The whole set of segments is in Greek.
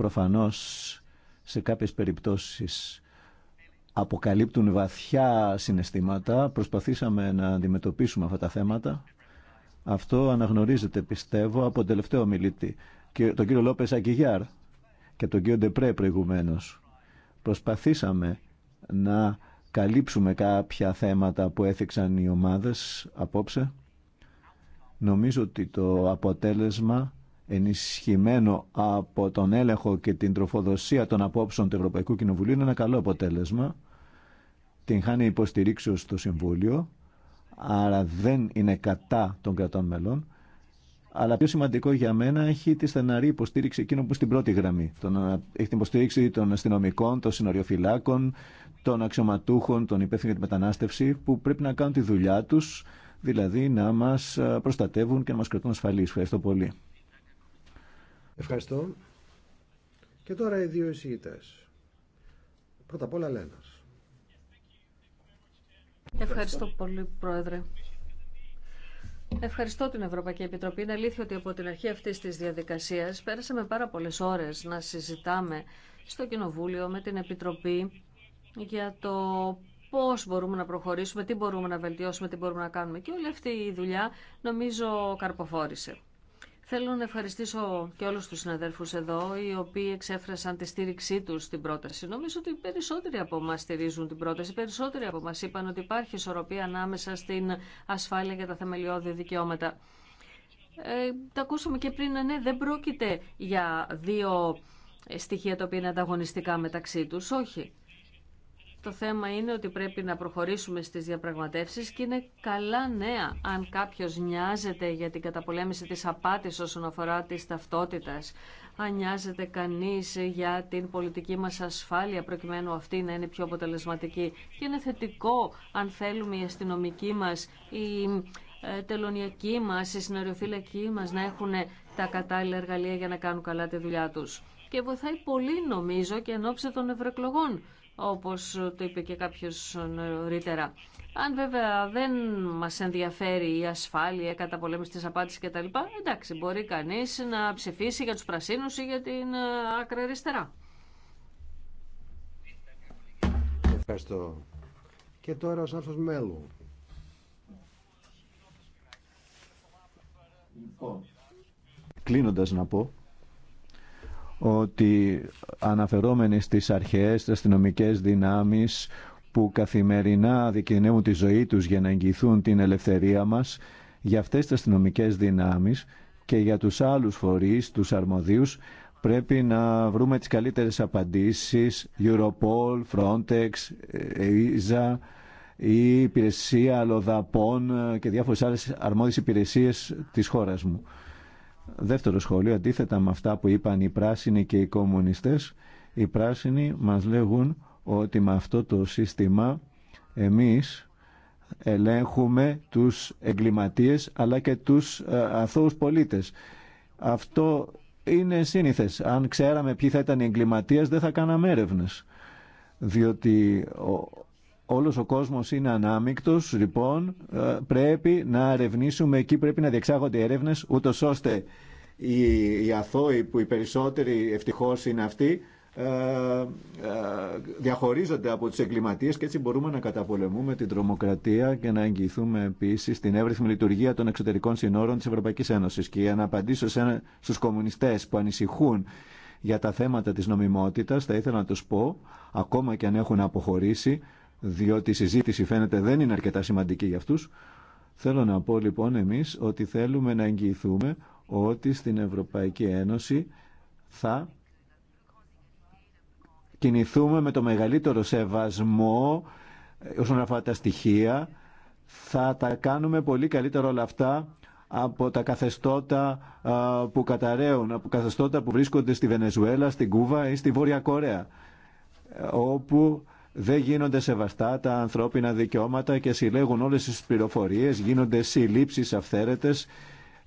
προφανώς σε κάποιες περιπτώσεις αποκαλύπτουν βαθιά συναισθήματα. Προσπαθήσαμε να αντιμετωπίσουμε αυτά τα θέματα. Αυτό αναγνωρίζεται, πιστεύω, από τον τελευταίο μιλήτη, και τον κύριο Λόπες Αγγιγιάρ και τον κύριο Ντεπρέ προηγουμένω. Προσπαθήσαμε να καλύψουμε κάποια θέματα που έθιξαν οι ομάδες απόψε. Νομίζω ότι το αποτέλεσμα ενισχυμένο από τον έλεγχο και την τροφοδοσία των απόψεων του Ευρωπαϊκού Κοινοβουλίου είναι ένα καλό αποτέλεσμα. Την χάνει υποστηρίξεω στο Συμβούλιο, άρα δεν είναι κατά των κρατών μελών. Αλλά πιο σημαντικό για μένα έχει τη στεναρή υποστήριξη εκείνων που στην πρώτη γραμμή. Ε, έχει την υποστήριξη των αστυνομικών, των συνοριοφυλάκων, των αξιωματούχων, των υπεύθυνων για τη μετανάστευση, που πρέπει να κάνουν τη δουλειά του, δηλαδή να μα ε, προστατεύουν και να μα κρατούν ασφαλεί. Ευχαριστώ πολύ. Ευχαριστώ. Και τώρα οι δύο εισηγητέ. Πρώτα απ' όλα Λένας. Ευχαριστώ πολύ, Πρόεδρε. Ευχαριστώ την Ευρωπαϊκή Επιτροπή. Είναι αλήθεια ότι από την αρχή αυτή της διαδικασίας πέρασαμε πάρα πολλές ώρες να συζητάμε στο Κοινοβούλιο με την Επιτροπή για το πώς μπορούμε να προχωρήσουμε, τι μπορούμε να βελτιώσουμε, τι μπορούμε να κάνουμε. Και όλη αυτή η δουλειά νομίζω καρποφόρησε. Θέλω να ευχαριστήσω και όλους τους συναδέλφους εδώ, οι οποίοι εξέφρασαν τη στήριξή τους στην πρόταση. Νομίζω ότι περισσότεροι από εμά στηρίζουν την πρόταση. περισσότεροι από εμά είπαν ότι υπάρχει ισορροπία ανάμεσα στην ασφάλεια και τα θεμελιώδη δικαιώματα. Ε, τα ακούσαμε και πριν, ναι, ναι δεν πρόκειται για δύο στοιχεία τα οποία είναι ανταγωνιστικά μεταξύ τους. Όχι. Το θέμα είναι ότι πρέπει να προχωρήσουμε στις διαπραγματεύσεις και είναι καλά νέα αν κάποιος νοιάζεται για την καταπολέμηση της απάτης όσον αφορά της ταυτότητας, αν νοιάζεται κανείς για την πολιτική μας ασφάλεια προκειμένου αυτή να είναι πιο αποτελεσματική και είναι θετικό αν θέλουμε η αστυνομική μας, η ε, τελωνιακοί μας, οι συνοριοφύλακοί μας να έχουν τα κατάλληλα εργαλεία για να κάνουν καλά τη δουλειά τους. Και βοηθάει πολύ νομίζω και εν ώψη των ευρωεκλογών όπως το είπε και κάποιος νωρίτερα. Αν βέβαια δεν μας ενδιαφέρει η ασφάλεια, η καταπολέμηση της απάτης κτλ, εντάξει, μπορεί κανείς να ψηφίσει για τους πρασίνους ή για την ε, άκρα αριστερά. Ευχαριστώ. Και τώρα ο Σάρφος Μέλου. Λοιπόν, κλείνοντας να πω ότι αναφερόμενοι στις αρχές, στις αστυνομικέ δυνάμεις που καθημερινά δικαινεύουν τη ζωή τους για να εγγυηθούν την ελευθερία μας, για αυτές τις αστυνομικέ δυνάμεις και για τους άλλους φορείς, τους αρμοδίους, πρέπει να βρούμε τις καλύτερες απαντήσεις, Europol, Frontex, EISA, η υπηρεσία αλλοδαπών και διάφορες άλλες αρμόδιες υπηρεσίες της χώρας μου. Δεύτερο σχόλιο, αντίθετα με αυτά που είπαν οι πράσινοι και οι κομμουνιστές, οι πράσινοι μας λέγουν ότι με αυτό το σύστημα εμείς ελέγχουμε τους εγκληματίες αλλά και τους ε, αθώους πολίτες. Αυτό είναι σύνηθες. Αν ξέραμε ποιοι θα ήταν οι εγκληματίες δεν θα κάναμε έρευνες. Διότι Όλος ο κόσμος είναι ανάμεικτος, λοιπόν, ε, πρέπει να ερευνήσουμε εκεί, πρέπει να διεξάγονται έρευνες, ούτως ώστε οι, οι αθώοι που οι περισσότεροι ευτυχώς είναι αυτοί, ε, ε, διαχωρίζονται από τους εγκληματίες και έτσι μπορούμε να καταπολεμούμε την τρομοκρατία και να εγγυηθούμε επίσης την εύρυθμη λειτουργία των εξωτερικών συνόρων της Ευρωπαϊκής Ένωσης και για να απαντήσω σε, στους κομμουνιστές που ανησυχούν για τα θέματα της νομιμότητας θα ήθελα να τους πω ακόμα και αν έχουν αποχωρήσει διότι η συζήτηση φαίνεται δεν είναι αρκετά σημαντική για αυτούς. Θέλω να πω λοιπόν εμείς ότι θέλουμε να εγγυηθούμε ότι στην Ευρωπαϊκή Ένωση θα κινηθούμε με το μεγαλύτερο σεβασμό όσον αφορά τα στοιχεία. Θα τα κάνουμε πολύ καλύτερα όλα αυτά από τα καθεστώτα που καταραίουν, από καθεστώτα που βρίσκονται στη Βενεζουέλα, στην Κούβα ή στη Βόρεια Κορέα, όπου δεν γίνονται σεβαστά τα ανθρώπινα δικαιώματα και συλλέγουν όλες τις πληροφορίες, γίνονται συλλήψεις αυθαίρετες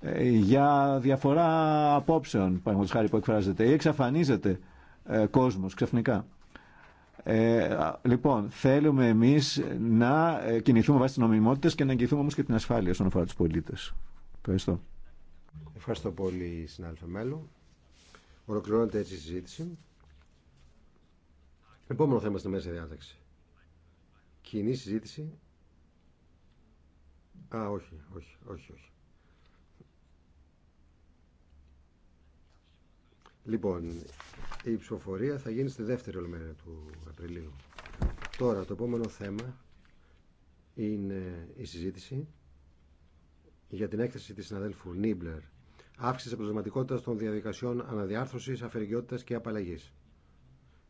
ε, για διαφορά απόψεων, παραδείγματος χάρη που εκφράζεται, ή εξαφανίζεται ε, κόσμος ξαφνικά. Ε, λοιπόν, θέλουμε εμείς να ε, κινηθούμε βάσει τις νομιμότητες και να εγγυηθούμε όμως και την ασφάλεια στον αφορά τους πολίτες. Ευχαριστώ. Ευχαριστώ πολύ, συνάδελφε Μέλλου. Ολοκληρώνεται έτσι η συζήτηση. Επόμενο θέμα στη μέση διάταξη. Κοινή συζήτηση. Α, όχι, όχι, όχι, όχι. Λοιπόν, η ψηφοφορία θα γίνει στη δεύτερη ολόμερα του Απριλίου. Τώρα, το επόμενο θέμα είναι η συζήτηση για την έκθεση της συναδέλφου Νίμπλερ αύξηση αποτελεσματικότητας των διαδικασιών αναδιάρθρωσης, αφαιρεγιότητας και απαλλαγής.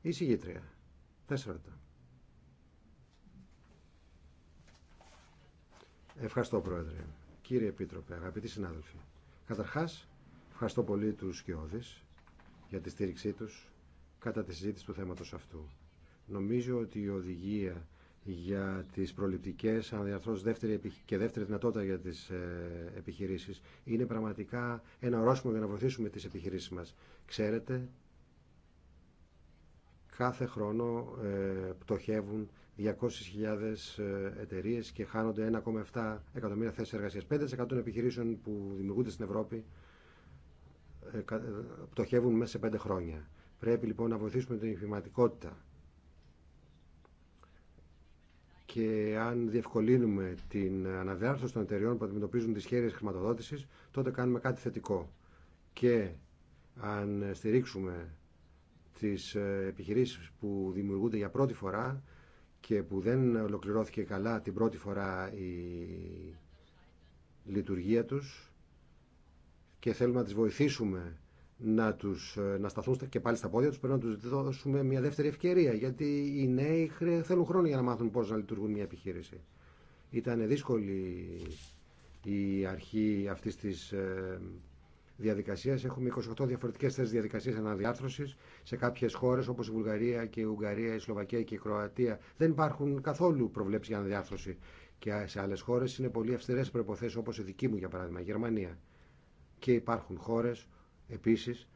Η συγγήτρια. Τέσσερα Ευχαριστώ, Πρόεδρε. Κύριε Επίτροπε, αγαπητοί συνάδελφοι. Καταρχάς, ευχαριστώ πολύ τους Σκιώδης για τη στήριξή τους κατά τη συζήτηση του θέματος αυτού. Νομίζω ότι η οδηγία για τις προληπτικές αναδιαρθρώσεις δεύτερη και δεύτερη δυνατότητα για τις ε, επιχειρήσεις είναι πραγματικά ένα ορόσημο για να βοηθήσουμε τις επιχειρήσεις μας. Ξέρετε Κάθε χρόνο ε, πτωχεύουν 200.000 ε, εταιρείε και χάνονται 1,7 εκατομμύρια θέσει εργασία. 5% των επιχειρήσεων που δημιουργούνται στην Ευρώπη ε, πτωχεύουν μέσα σε 5 χρόνια. Πρέπει λοιπόν να βοηθήσουμε την επιχειρηματικότητα και αν διευκολύνουμε την αναδιάρθρωση των εταιριών που αντιμετωπίζουν τις χέρειες χρηματοδότηση, τότε κάνουμε κάτι θετικό. Και αν στηρίξουμε τις ε, επιχειρήσεις που δημιουργούνται για πρώτη φορά και που δεν ολοκληρώθηκε καλά την πρώτη φορά η λειτουργία τους και θέλουμε να τις βοηθήσουμε να, τους, ε, να σταθούν και πάλι στα πόδια τους πρέπει να τους δώσουμε μια δεύτερη ευκαιρία γιατί οι νέοι θέλουν χρόνο για να μάθουν πώς να λειτουργούν μια επιχείρηση. Ήταν δύσκολη η αρχή αυτής της ε, διαδικασία. Έχουμε 28 διαφορετικέ θέσει διαδικασίας αναδιάρθρωσης. Σε κάποιε χώρε όπω η Βουλγαρία και η Ουγγαρία, η Σλοβακία και η Κροατία δεν υπάρχουν καθόλου προβλέψει για αναδιάρθρωση. Και σε άλλε χώρε είναι πολύ αυστηρέ προποθέσει όπω η δική μου για παράδειγμα, η Γερμανία. Και υπάρχουν χώρε επίση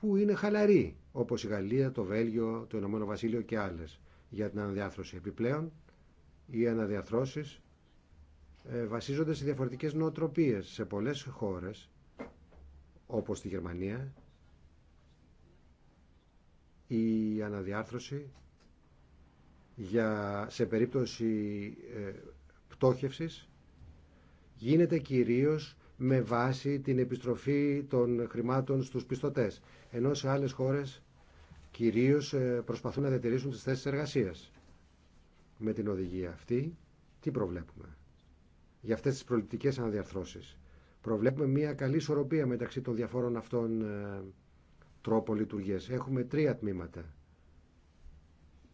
που είναι χαλαροί όπω η Γαλλία, το Βέλγιο, το Ηνωμένο Βασίλειο και άλλε για την αναδιάρθρωση. Επιπλέον, οι αναδιαρθρώσει ε, βασίζονται σε διαφορετικές νοοτροπίες. Σε πολλές χώρες όπως στη Γερμανία η αναδιάρθρωση για, σε περίπτωση ε, πτώχευσης γίνεται κυρίως με βάση την επιστροφή των χρημάτων στους πιστωτές ενώ σε άλλες χώρες κυρίως ε, προσπαθούν να διατηρήσουν τις θέσεις εργασίας. Με την οδηγία αυτή τι προβλέπουμε για αυτές τις προληπτικές αναδιαρθρώσεις προβλέπουμε μια καλή ισορροπία μεταξύ των διαφόρων αυτών ε, τρόπων λειτουργίας. Έχουμε τρία τμήματα.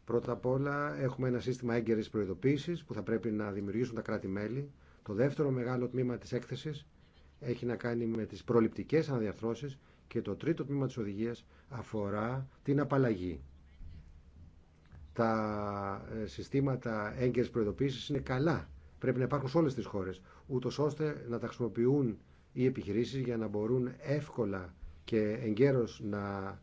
Πρώτα απ' όλα έχουμε ένα σύστημα έγκαιρης προειδοποίησης που θα πρέπει να δημιουργήσουν τα κράτη-μέλη. Το δεύτερο μεγάλο τμήμα της έκθεσης έχει να κάνει με τις προληπτικές αναδιαρθρώσεις και το τρίτο τμήμα της οδηγίας αφορά την απαλλαγή. Τα ε, συστήματα έγκαιρης προειδοποίησης είναι καλά Πρέπει να υπάρχουν σε όλε τι χώρε, ούτω ώστε να τα χρησιμοποιούν οι επιχειρήσει για να μπορούν εύκολα και εγκαίρω να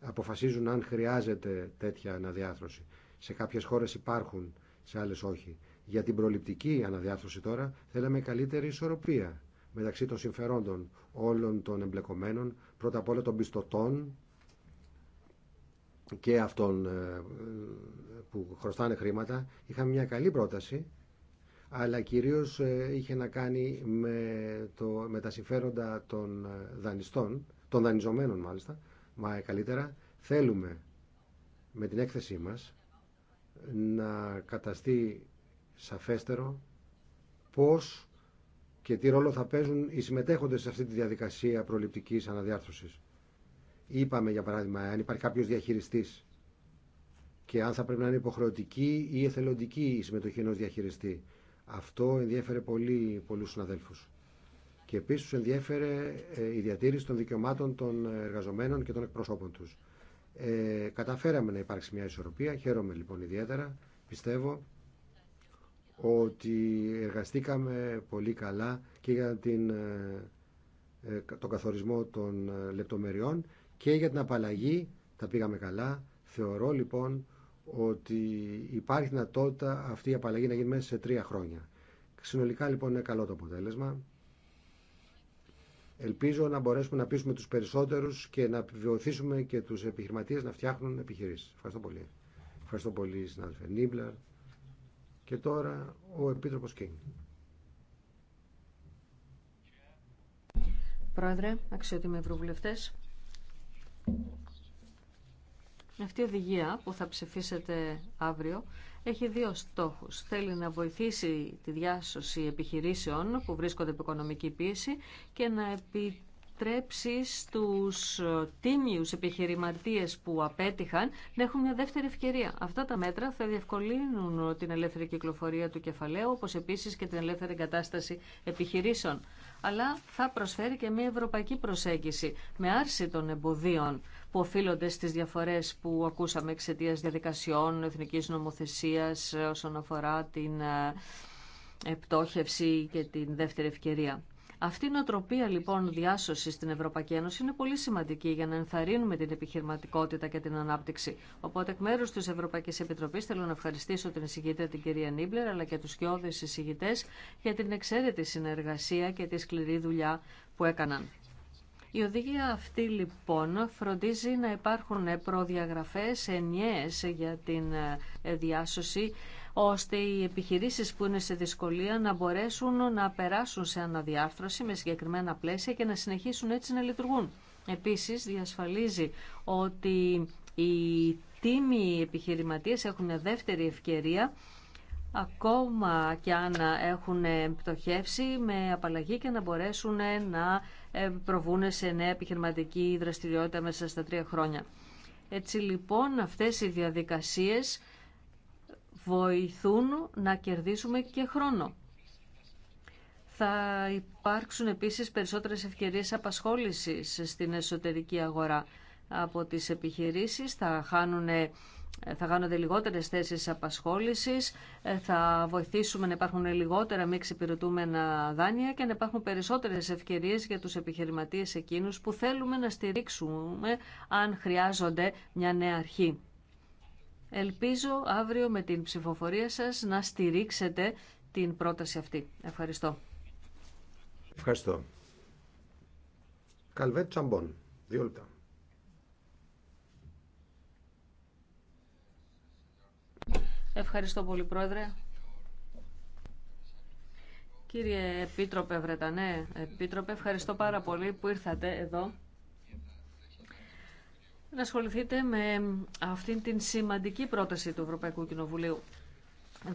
αποφασίζουν αν χρειάζεται τέτοια αναδιάθρωση. Σε κάποιε χώρε υπάρχουν, σε άλλε όχι. Για την προληπτική αναδιάθρωση τώρα θέλαμε καλύτερη ισορροπία μεταξύ των συμφερόντων όλων των εμπλεκομένων, πρώτα απ' όλα των πιστωτών και αυτών ε, ε, που χρωστάνε χρήματα. Είχαμε μια καλή πρόταση αλλά κυρίως ε, είχε να κάνει με, το, με τα συμφέροντα των ε, δανειστών, των δανειζομένων μάλιστα, μα ε, καλύτερα θέλουμε με την έκθεσή μας να καταστεί σαφέστερο πώς και τι ρόλο θα παίζουν οι συμμετέχοντες σε αυτή τη διαδικασία προληπτικής αναδιάρθρωσης. Είπαμε, για παράδειγμα, αν υπάρχει κάποιος διαχειριστής και αν θα πρέπει να είναι υποχρεωτική ή εθελοντική η συμμετοχή ενός διαχειριστή. Αυτό ενδιέφερε πολύ πολλούς συναδέλφους. Και επίσης τους ενδιέφερε ε, η διατήρηση των δικαιωμάτων των εργαζομένων και των εκπροσώπων τους. Ε, καταφέραμε να υπάρξει μια ισορροπία, χαίρομαι λοιπόν ιδιαίτερα, πιστεύω ότι εργαστήκαμε πολύ καλά και για την, ε, ε, τον καθορισμό των λεπτομεριών και για την απαλλαγή τα πήγαμε καλά. Θεωρώ λοιπόν ότι υπάρχει δυνατότητα αυτή η απαλλαγή να γίνει μέσα σε τρία χρόνια. Συνολικά λοιπόν είναι καλό το αποτέλεσμα. Ελπίζω να μπορέσουμε να πείσουμε τους περισσότερους και να βοηθήσουμε και τους επιχειρηματίες να φτιάχνουν επιχειρήσεις. Ευχαριστώ πολύ. Ευχαριστώ πολύ συνάδελφε Νίμπλερ. Και τώρα ο Επίτροπος Κίνγκ. Πρόεδρε, αξιότιμοι ευρωβουλευτές, αυτή η οδηγία που θα ψηφίσετε αύριο έχει δύο στόχους. Θέλει να βοηθήσει τη διάσωση επιχειρήσεων που βρίσκονται υπό οικονομική πίεση και να επιτρέψει επιτρέψει στους τίμιους επιχειρηματίες που απέτυχαν να έχουν μια δεύτερη ευκαιρία. Αυτά τα μέτρα θα διευκολύνουν την ελεύθερη κυκλοφορία του κεφαλαίου, όπως επίσης και την ελεύθερη εγκατάσταση επιχειρήσεων. Αλλά θα προσφέρει και μια ευρωπαϊκή προσέγγιση με άρση των εμποδίων που οφείλονται στις διαφορές που ακούσαμε εξαιτία διαδικασιών εθνικής νομοθεσίας όσον αφορά την ε, ε, πτώχευση και την δεύτερη ευκαιρία. Αυτή η νοοτροπία λοιπόν διάσωση στην Ευρωπαϊκή Ένωση είναι πολύ σημαντική για να ενθαρρύνουμε την επιχειρηματικότητα και την ανάπτυξη. Οπότε, εκ μέρου τη Ευρωπαϊκή Επιτροπή, θέλω να ευχαριστήσω την εισηγήτρια την κυρία Νίμπλερ αλλά και του κοιόδε εισηγητέ για την εξαίρετη συνεργασία και τη σκληρή δουλειά που έκαναν. Η οδηγία αυτή λοιπόν φροντίζει να υπάρχουν προδιαγραφές ενιαίες για την ε, διάσωση ώστε οι επιχειρήσεις που είναι σε δυσκολία να μπορέσουν να περάσουν σε αναδιάρθρωση με συγκεκριμένα πλαίσια και να συνεχίσουν έτσι να λειτουργούν. Επίσης διασφαλίζει ότι οι τίμοι επιχειρηματίες έχουν δεύτερη ευκαιρία ακόμα και αν έχουν πτωχεύσει με απαλλαγή και να μπορέσουν να ε, προβούν σε νέα επιχειρηματική δραστηριότητα μέσα στα τρία χρόνια. Έτσι λοιπόν αυτές οι διαδικασίες βοηθούν να κερδίσουμε και χρόνο. Θα υπάρξουν επίσης περισσότερες ευκαιρίες απασχόλησης στην εσωτερική αγορά από τις επιχειρήσεις, θα χάνουν ε, θα κάνονται λιγότερες θέσεις απασχόληση, ε, θα βοηθήσουμε να υπάρχουν λιγότερα μη εξυπηρετούμενα δάνεια και να υπάρχουν περισσότερες ευκαιρίες για τους επιχειρηματίες εκείνους που θέλουμε να στηρίξουμε αν χρειάζονται μια νέα αρχή. Ελπίζω αύριο με την ψηφοφορία σας να στηρίξετε την πρόταση αυτή. Ευχαριστώ. Ευχαριστώ. Καλβέτ Δύο Ευχαριστώ πολύ, Πρόεδρε. Κύριε Επίτροπε Βρετανέ, Επίτροπε, ευχαριστώ πάρα πολύ που ήρθατε εδώ να ασχοληθείτε με αυτήν την σημαντική πρόταση του Ευρωπαϊκού Κοινοβουλίου,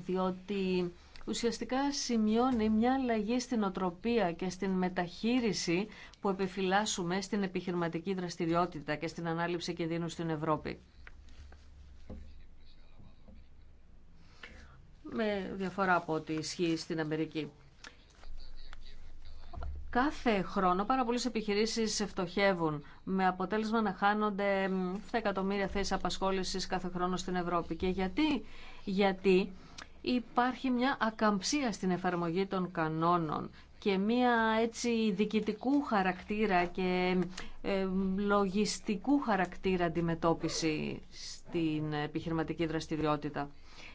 διότι ουσιαστικά σημειώνει μια αλλαγή στην οτροπία και στην μεταχείριση που επιφυλάσσουμε στην επιχειρηματική δραστηριότητα και στην ανάληψη κινδύνου στην Ευρώπη. με διαφορά από ό,τι ισχύει στην Αμερική. Κάθε χρόνο πάρα πολλές επιχειρήσεις φτωχεύουν με αποτέλεσμα να χάνονται 7 εκατομμύρια θέσεις απασχόλησης κάθε χρόνο στην Ευρώπη. Και γιατί, γιατί υπάρχει μια ακαμψία στην εφαρμογή των κανόνων και μια έτσι διοικητικού χαρακτήρα και ε, λογιστικού χαρακτήρα αντιμετώπιση στην επιχειρηματική δραστηριότητα.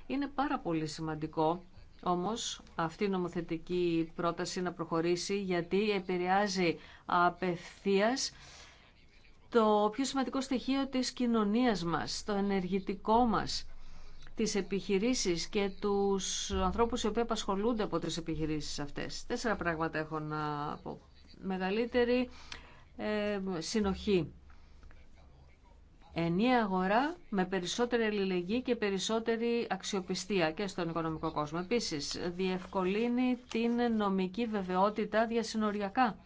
Είναι πάρα πολύ σημαντικό όμως αυτή η νομοθετική πρόταση να προχωρήσει γιατί επηρεάζει απευθείας το πιο σημαντικό στοιχείο της κοινωνίας μας, το ενεργητικό μας, τις επιχειρήσεις και τους ανθρώπους οι οποίοι απασχολούνται από τις επιχειρήσεις αυτές. Τέσσερα πράγματα έχω να πω. Μεγαλύτερη ε, συνοχή Ενία αγορά με περισσότερη αλληλεγγύη και περισσότερη αξιοπιστία και στον οικονομικό κόσμο. Επίσης, διευκολύνει την νομική βεβαιότητα διασυνοριακά,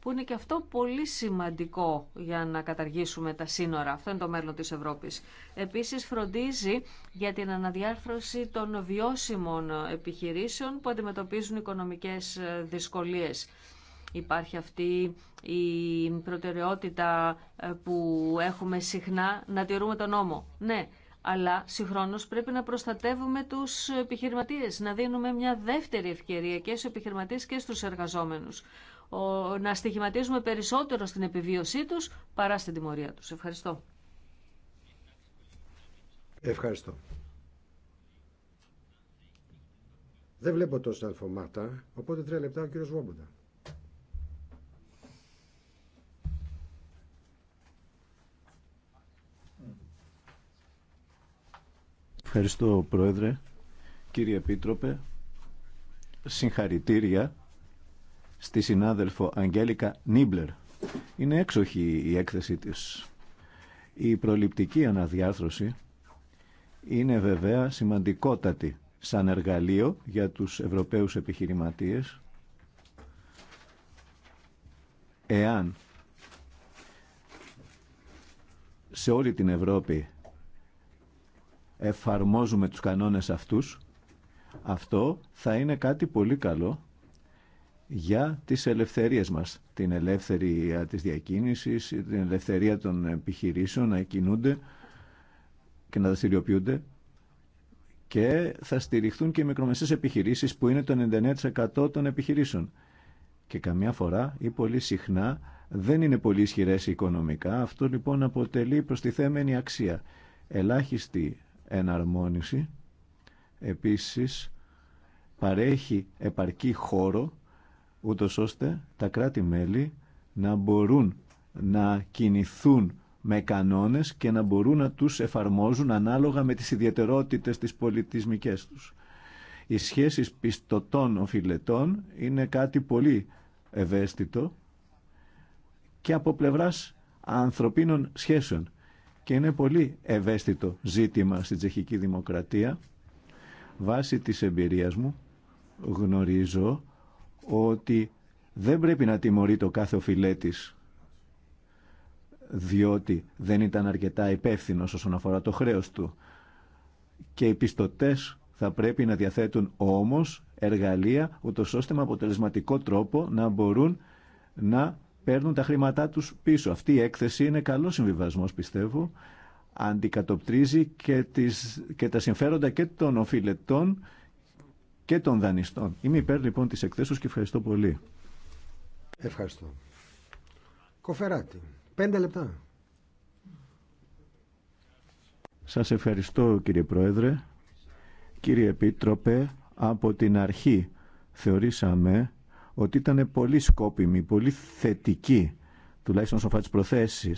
που είναι και αυτό πολύ σημαντικό για να καταργήσουμε τα σύνορα. Αυτό είναι το μέλλον της Ευρώπης. Επίσης, φροντίζει για την αναδιάρθρωση των βιώσιμων επιχειρήσεων που αντιμετωπίζουν οικονομικές δυσκολίες Υπάρχει αυτή η προτεραιότητα ε, που έχουμε συχνά να τηρούμε τον νόμο. Ναι, αλλά συγχρόνως πρέπει να προστατεύουμε τους επιχειρηματίες, να δίνουμε μια δεύτερη ευκαιρία και στους επιχειρηματίες και στους εργαζόμενους. να στοιχηματίζουμε περισσότερο στην επιβίωσή τους παρά στην τιμωρία τους. Ευχαριστώ. Ευχαριστώ. Δεν βλέπω τόσο αλφομάτα, οπότε τρία λεπτά ο κύριος Βόμποντα. Ευχαριστώ, Πρόεδρε. Κύριε Επίτροπε, συγχαρητήρια στη συνάδελφο Αγγέλικα Νίμπλερ. Είναι έξοχη η έκθεση της. Η προληπτική αναδιάρθρωση είναι βέβαια σημαντικότατη σαν εργαλείο για τους Ευρωπαίους επιχειρηματίες εάν σε όλη την Ευρώπη εφαρμόζουμε τους κανόνες αυτούς, αυτό θα είναι κάτι πολύ καλό για τις ελευθερίες μας. Την ελεύθερια της διακίνησης, την ελευθερία των επιχειρήσεων να κινούνται και να δραστηριοποιούνται και θα στηριχθούν και οι μικρομεσαίες επιχειρήσεις που είναι το 99% των επιχειρήσεων. Και καμιά φορά ή πολύ συχνά δεν είναι πολύ ισχυρέ οικονομικά. Αυτό λοιπόν αποτελεί προστιθέμενη αξία. Ελάχιστη εναρμόνιση. Επίσης, παρέχει επαρκή χώρο, ούτω ώστε τα κράτη-μέλη να μπορούν να κινηθούν με κανόνες και να μπορούν να τους εφαρμόζουν ανάλογα με τις ιδιαιτερότητες της πολιτισμικές τους. Οι σχέσεις πιστωτών οφιλετών είναι κάτι πολύ ευαίσθητο και από πλευράς ανθρωπίνων σχέσεων και είναι πολύ ευαίσθητο ζήτημα στην τσεχική δημοκρατία. Βάσει της εμπειρίας μου γνωρίζω ότι δεν πρέπει να τιμωρεί το κάθε οφειλέτης διότι δεν ήταν αρκετά υπεύθυνο όσον αφορά το χρέος του. Και οι πιστωτές θα πρέπει να διαθέτουν όμως εργαλεία ούτως ώστε με αποτελεσματικό τρόπο να μπορούν να παίρνουν τα χρήματά τους πίσω. Αυτή η έκθεση είναι καλός συμβιβασμός πιστεύω. Αντικατοπτρίζει και, τις, και τα συμφέροντα και των οφειλετών και των δανειστών. Είμαι υπέρ λοιπόν της εκθέσεως και ευχαριστώ πολύ. Ευχαριστώ. Κοφεράτη, πέντε λεπτά. Σας ευχαριστώ κύριε Πρόεδρε. Κύριε Επίτροπε, από την αρχή θεωρήσαμε ότι ήταν πολύ σκόπιμη, πολύ θετική, τουλάχιστον όσον αφορά τι προθέσει,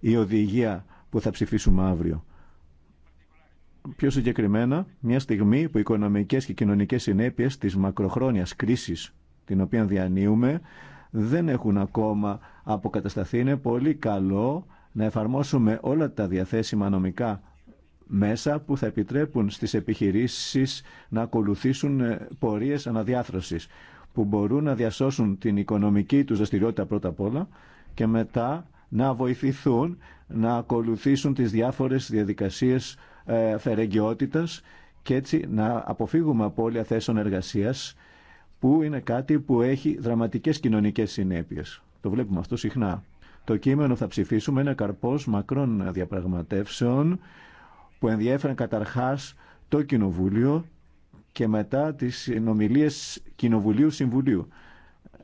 η οδηγία που θα ψηφίσουμε αύριο. Πιο συγκεκριμένα, μια στιγμή που οι οικονομικέ και κοινωνικέ συνέπειε τη μακροχρόνια κρίση την οποία διανύουμε δεν έχουν ακόμα αποκατασταθεί. Είναι πολύ καλό να εφαρμόσουμε όλα τα διαθέσιμα νομικά μέσα που θα επιτρέπουν στις επιχειρήσεις να ακολουθήσουν ε, πορείες αναδιάθρωσης που μπορούν να διασώσουν την οικονομική τους δραστηριότητα πρώτα απ' όλα και μετά να βοηθηθούν να ακολουθήσουν τις διάφορες διαδικασίες ε, φερεγγιότητας και έτσι να αποφύγουμε απώλεια θέσεων εργασίας που είναι κάτι που έχει δραματικές κοινωνικές συνέπειες. Το βλέπουμε αυτό συχνά. Το κείμενο θα ψηφίσουμε ένα καρπός μακρών διαπραγματεύσεων που ενδιέφεραν καταρχάς το Κοινοβούλιο και μετά τις συνομιλίες Κοινοβουλίου-Συμβουλίου.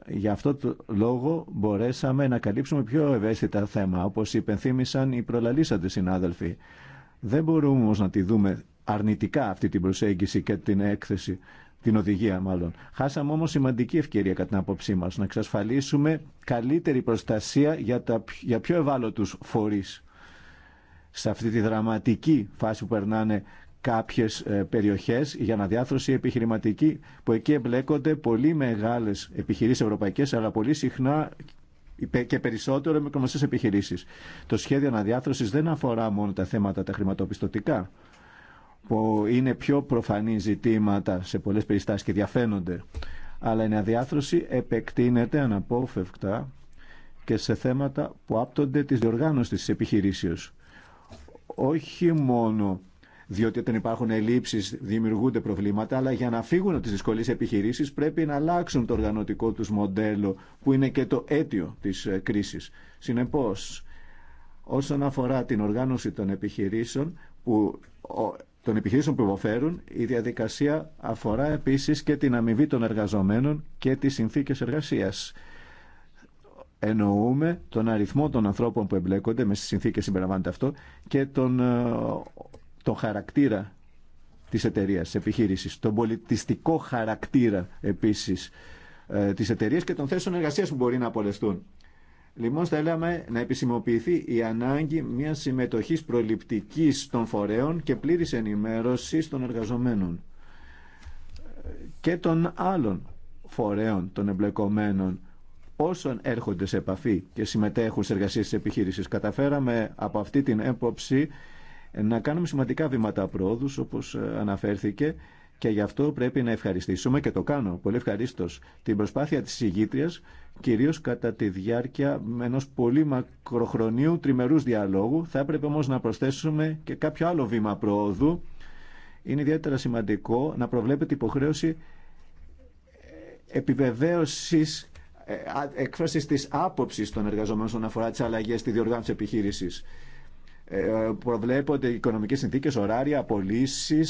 Για αυτό το λόγο μπορέσαμε να καλύψουμε πιο ευαίσθητα θέμα, όπως υπενθύμησαν οι προλαλήσαντες συνάδελφοι. Δεν μπορούμε όμως να τη δούμε αρνητικά αυτή την προσέγγιση και την έκθεση, την οδηγία μάλλον. Χάσαμε όμως σημαντική ευκαιρία κατά την άποψή μας να εξασφαλίσουμε καλύτερη προστασία για, τα, για πιο ευάλωτους φορείς σε αυτή τη δραματική φάση που περνάνε Κάποιε ε, περιοχές για αναδιάθρωση επιχειρηματική που εκεί εμπλέκονται πολύ μεγάλες επιχειρήσεις ευρωπαϊκές αλλά πολύ συχνά και περισσότερο μικρομεσαίες επιχειρήσεις. Το σχέδιο αναδιάθρωση δεν αφορά μόνο τα θέματα τα χρηματοπιστωτικά που είναι πιο προφανή ζητήματα σε πολλές περιστάσει και διαφαίνονται αλλά η αναδιάθρωση επεκτείνεται αναπόφευκτα και σε θέματα που άπτονται τη διοργάνωση τη επιχειρήσεω. Όχι μόνο διότι όταν υπάρχουν ελλείψεις δημιουργούνται προβλήματα, αλλά για να φύγουν από τις δυσκολίες επιχειρήσεις πρέπει να αλλάξουν το οργανωτικό τους μοντέλο, που είναι και το αίτιο της ε, κρίσης. Συνεπώς, όσον αφορά την οργάνωση των επιχειρήσεων που των επιχειρήσεων που υποφέρουν, η διαδικασία αφορά επίσης και την αμοιβή των εργαζομένων και τις συνθήκες εργασίας. Εννοούμε τον αριθμό των ανθρώπων που εμπλέκονται, με στις συνθήκες συμπεριλαμβάνεται αυτό, και τον ε, τον χαρακτήρα της εταιρείας, της επιχείρησης, τον πολιτιστικό χαρακτήρα επίσης ε, της εταιρείας και των θέσεων εργασίας που μπορεί να απολεστούν. Λοιπόν, θέλαμε να επισημοποιηθεί η ανάγκη μιας συμμετοχής προληπτικής των φορέων και πλήρης ενημέρωσης των εργαζομένων και των άλλων φορέων των εμπλεκομένων όσων έρχονται σε επαφή και συμμετέχουν σε εργασίες της επιχείρησης. Καταφέραμε από αυτή την έποψη ε, να κάνουμε σημαντικά βήματα πρόοδους όπως ε, αναφέρθηκε και γι' αυτό πρέπει να ευχαριστήσουμε και το κάνω πολύ ευχαρίστω την προσπάθεια της συγγήτριας κυρίως κατά τη διάρκεια ενός πολύ μακροχρονίου τριμερούς διαλόγου. Θα έπρεπε όμως να προσθέσουμε και κάποιο άλλο βήμα πρόοδου. Είναι ιδιαίτερα σημαντικό να προβλέπεται υποχρέωση ε, επιβεβαίωσης εκφράσης της άποψης των εργαζομένων στον αφορά τις αλλαγές στη διοργάνωση επιχείρησης. Ε, ε, προβλέπονται οικονομικέ συνθήκες, ωράρια, απολύσει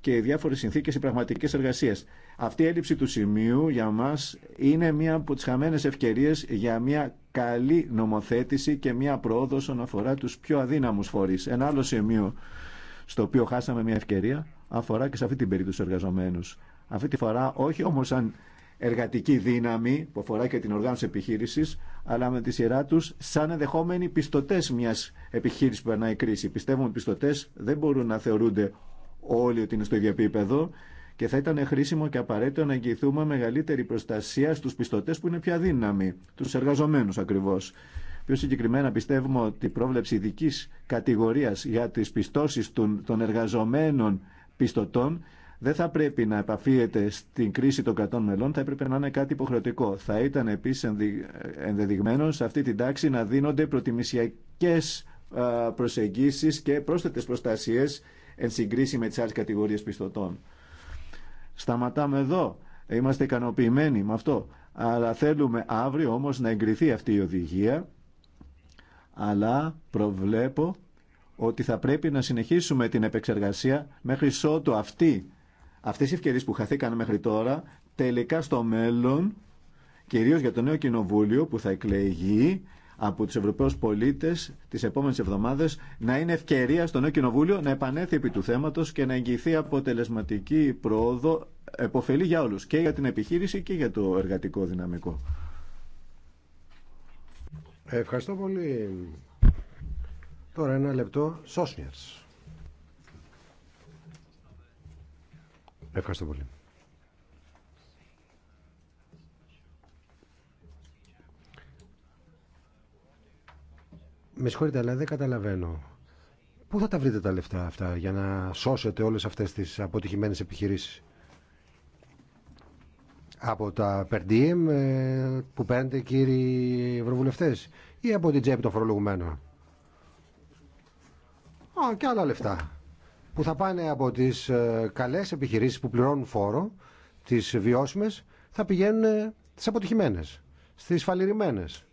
και διάφορες συνθήκες οι πραγματικές εργασίες. Αυτή η έλλειψη του σημείου για μα είναι μία από τι χαμένε ευκαιρίες για μία καλή νομοθέτηση και μία προόδο όσον αφορά τους πιο αδύναμους φορείς. Ένα άλλο σημείο στο οποίο χάσαμε μία ευκαιρία αφορά και σε αυτή την περίπτωση εργαζομένου. Αυτή τη φορά όχι όμω αν εργατική δύναμη που αφορά και την οργάνωση επιχείρηση, αλλά με τη σειρά του σαν ενδεχόμενοι πιστωτέ μια επιχείρηση που περνάει κρίση. Πιστεύουμε ότι πιστωτέ δεν μπορούν να θεωρούνται όλοι ότι είναι στο ίδιο επίπεδο και θα ήταν χρήσιμο και απαραίτητο να εγγυηθούμε μεγαλύτερη προστασία στου πιστωτέ, που είναι πια δύναμη, του εργαζομένου ακριβώ. Πιο συγκεκριμένα πιστεύουμε ότι η πρόβλεψη ειδική κατηγορία για τις πιστώσει των εργαζομένων πιστωτών δεν θα πρέπει να επαφίεται στην κρίση των κρατών μελών, θα έπρεπε να είναι κάτι υποχρεωτικό. Θα ήταν επίση ενδεδειγμένο σε αυτή την τάξη να δίνονται προτιμησιακέ προσεγγίσει και πρόσθετε προστασίε εν συγκρίση με τι άλλε κατηγορίε πιστωτών. Σταματάμε εδώ. Είμαστε ικανοποιημένοι με αυτό. Αλλά θέλουμε αύριο όμως να εγκριθεί αυτή η οδηγία. Αλλά προβλέπω ότι θα πρέπει να συνεχίσουμε την επεξεργασία μέχρι ότου αυτή Αυτές οι ευκαιρίες που χαθήκαν μέχρι τώρα, τελικά στο μέλλον, κυρίως για το νέο κοινοβούλιο που θα εκλεγεί από τους Ευρωπαίους πολίτες τις επόμενες εβδομάδες, να είναι ευκαιρία στο νέο κοινοβούλιο να επανέλθει επί του θέματος και να εγγυηθεί αποτελεσματική πρόοδο εποφελή για όλους, και για την επιχείρηση και για το εργατικό δυναμικό. Ευχαριστώ πολύ. Τώρα ένα λεπτό. Σόσνιας. Ευχαριστώ πολύ. Με συγχωρείτε, αλλά δεν καταλαβαίνω. Πού θα τα βρείτε τα λεφτά αυτά για να σώσετε όλες αυτές τις αποτυχημένες επιχειρήσεις. Από τα περντίεμ που παίρνετε κύριοι ευρωβουλευτές ή από την τσέπη των φορολογουμένων. Α, και άλλα λεφτά που θα πάνε από τις ε, καλές επιχειρήσει που πληρώνουν φόρο, τι βιώσιμε, θα πηγαίνουν ε, στις αποτυχημένε, στι φαληρημένες.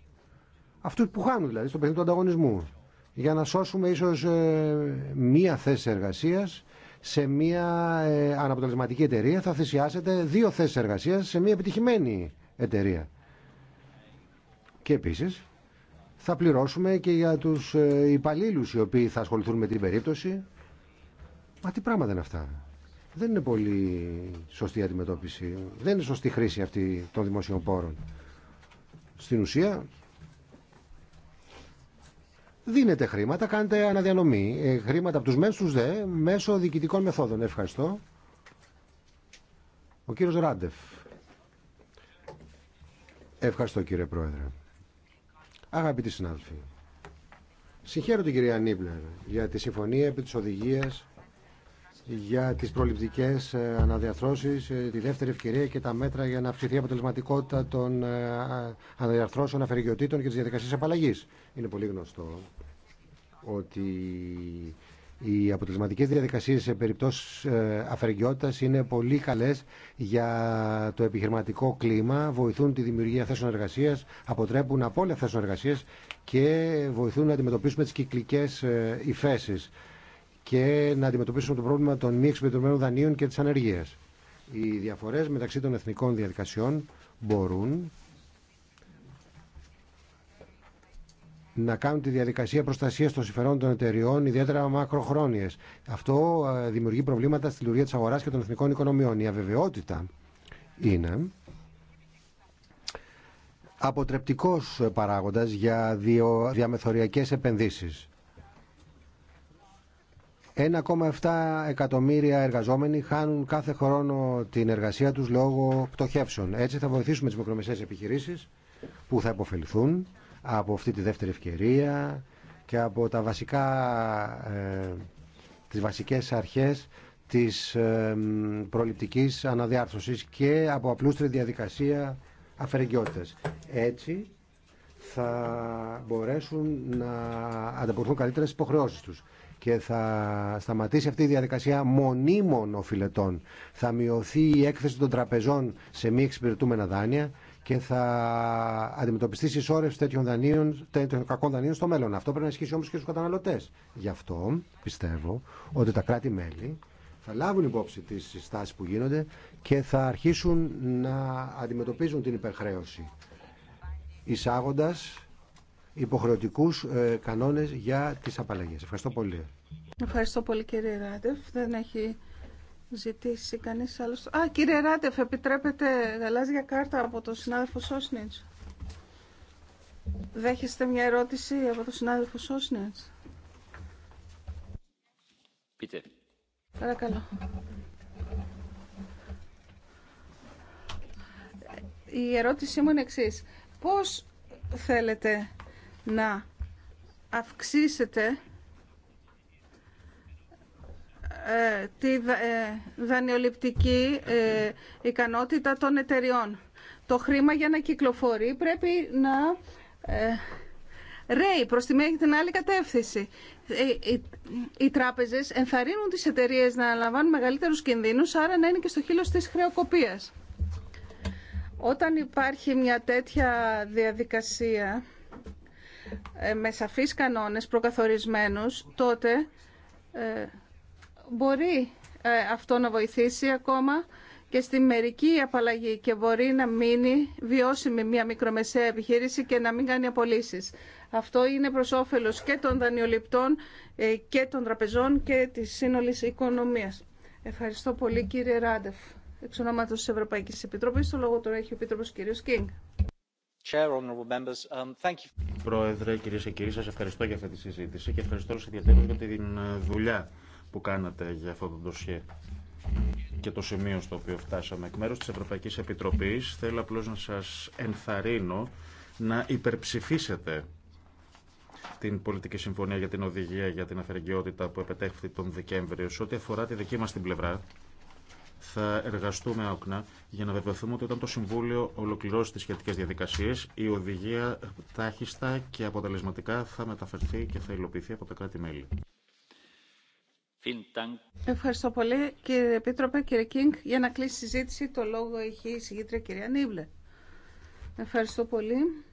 Αυτού που χάνουν δηλαδή στο παιχνίδι του ανταγωνισμού. Για να σώσουμε ίσως ε, μία θέση εργασία σε μία αναποτελεσματική εταιρεία θα θυσιάσετε δύο θέσει εργασία σε μία επιτυχημένη εταιρεία. Και επίση θα πληρώσουμε και για τους υπαλλήλους οι οποίοι θα ασχοληθούν με την περίπτωση Μα τι πράγματα είναι αυτά. Δεν είναι πολύ σωστή αντιμετώπιση. Δεν είναι σωστή χρήση αυτή των δημοσίων πόρων. Στην ουσία δίνετε χρήματα, κάνετε αναδιανομή. Ε, χρήματα από τους μεν δε μέσω διοικητικών μεθόδων. Ευχαριστώ. Ο κύριος Ράντεφ. Ευχαριστώ κύριε Πρόεδρε. Αγαπητοί συνάδελφοι. Συγχαίρω την κυρία Νίμπλερ για τη συμφωνία επί της οδηγίας για τι προληπτικέ ε, αναδιαρθρώσει, ε, τη δεύτερη ευκαιρία και τα μέτρα για να αυξηθεί η αποτελεσματικότητα των ε, αναδιαρθρώσεων, αφαιρεγιωτήτων και τη διαδικασία απαλλαγή. Είναι πολύ γνωστό ότι οι αποτελεσματικέ διαδικασίε σε περιπτώσει αφαιρεγιότητα είναι πολύ καλέ για το επιχειρηματικό κλίμα, βοηθούν τη δημιουργία θέσεων εργασία, αποτρέπουν απόλυτα θέσεων εργασία και βοηθούν να αντιμετωπίσουμε τι κυκλικέ υφέσει και να αντιμετωπίσουμε το πρόβλημα των μη εξυπηρετημένων δανείων και τη ανεργία. Οι διαφορές μεταξύ των εθνικών διαδικασιών μπορούν να κάνουν τη διαδικασία προστασία των συμφερόντων των εταιριών ιδιαίτερα μακροχρόνιε. Αυτό ε, δημιουργεί προβλήματα στη λειτουργία τη αγορά και των εθνικών οικονομιών. Η αβεβαιότητα είναι αποτρεπτικός παράγοντας για διαμεθοριακές επενδύσεις. 1,7 εκατομμύρια εργαζόμενοι χάνουν κάθε χρόνο την εργασία τους λόγω πτωχεύσεων. Έτσι θα βοηθήσουμε τις μικρομεσαίες επιχειρήσεις που θα υποφεληθούν από αυτή τη δεύτερη ευκαιρία και από τα βασικά, ε, τις βασικές αρχές της ε, προληπτικής αναδιάρθρωσης και από απλούστερη διαδικασία αφαιρεγγιότητας. Έτσι θα μπορέσουν να ανταποκριθούν καλύτερα στις υποχρεώσεις τους και θα σταματήσει αυτή η διαδικασία μονίμων οφειλετών. Θα μειωθεί η έκθεση των τραπεζών σε μη εξυπηρετούμενα δάνεια και θα αντιμετωπιστεί συσσόρευση τέτοιων, δανείων, τέτοιων κακών δανείων στο μέλλον. Αυτό πρέπει να ισχύσει όμω και στου καταναλωτέ. Γι' αυτό πιστεύω ότι τα κράτη-μέλη θα λάβουν υπόψη τι συστάσει που γίνονται και θα αρχίσουν να αντιμετωπίζουν την υπερχρέωση εισάγοντας υποχρεωτικούς ε, κανόνες για τις απαλλαγές. Ευχαριστώ πολύ. Ευχαριστώ πολύ κύριε Ράτεφ. Δεν έχει ζητήσει κανείς άλλος. Α, κύριε Ράτεφ, επιτρέπετε γαλάζια κάρτα από τον συνάδελφο Σόσνιτς. Δέχεστε μια ερώτηση από τον συνάδελφο Σόσνιτς. Πείτε. Παρακαλώ. Η ερώτησή μου είναι εξής. Πώς θέλετε να αυξήσετε ε, τη ε, δανειοληπτική ε, ικανότητα των εταιριών. Το χρήμα για να κυκλοφορεί πρέπει να ρέει προς τη μία την άλλη κατεύθυνση. Οι τράπεζες ενθαρρύνουν τις εταιρείες να αναλαμβάνουν μεγαλύτερους κινδύνους, άρα να είναι και στο χείλος της χρεοκοπίας. Όταν υπάρχει μια τέτοια διαδικασία ε, με σαφείς κανόνες προκαθορισμένους, τότε ε, μπορεί ε, αυτό να βοηθήσει ακόμα και στη μερική απαλλαγή και μπορεί να μείνει βιώσιμη μια μικρομεσαία επιχείρηση και να μην κάνει απολύσεις. Αυτό είναι προς όφελος και των δανειοληπτών και των τραπεζών και της σύνολης οικονομίας. Ευχαριστώ πολύ κύριε Ράντεφ. Εξ ονόματος της Ευρωπαϊκής Επιτροπής, το λόγο τώρα έχει ο Επίτροπος κύριος Κίνγκ. Um, Πρόεδρε, κυρίε και κύριοι, σα ευχαριστώ για αυτή τη συζήτηση και ευχαριστώ όλου για τη ε, δουλειά που κάνατε για αυτό το ντοσιέ και το σημείο στο οποίο φτάσαμε. Εκ μέρου τη Ευρωπαϊκή Επιτροπή θέλω απλώ να σα ενθαρρύνω να υπερψηφίσετε την πολιτική συμφωνία για την οδηγία για την αφαιρεγκαιότητα που επετέχθη τον Δεκέμβριο σε ό,τι αφορά τη δική μα την πλευρά θα εργαστούμε άοκνα για να βεβαιωθούμε ότι όταν το Συμβούλιο ολοκληρώσει τι σχετικέ διαδικασίε, η οδηγία τάχιστα και αποτελεσματικά θα μεταφερθεί και θα υλοποιηθεί από τα κράτη-μέλη. Ευχαριστώ πολύ κύριε Επίτροπε, κύριε Κίνγκ. Για να κλείσει η συζήτηση, το λόγο έχει η συγγήτρια κυρία Νίβλε. Ευχαριστώ πολύ.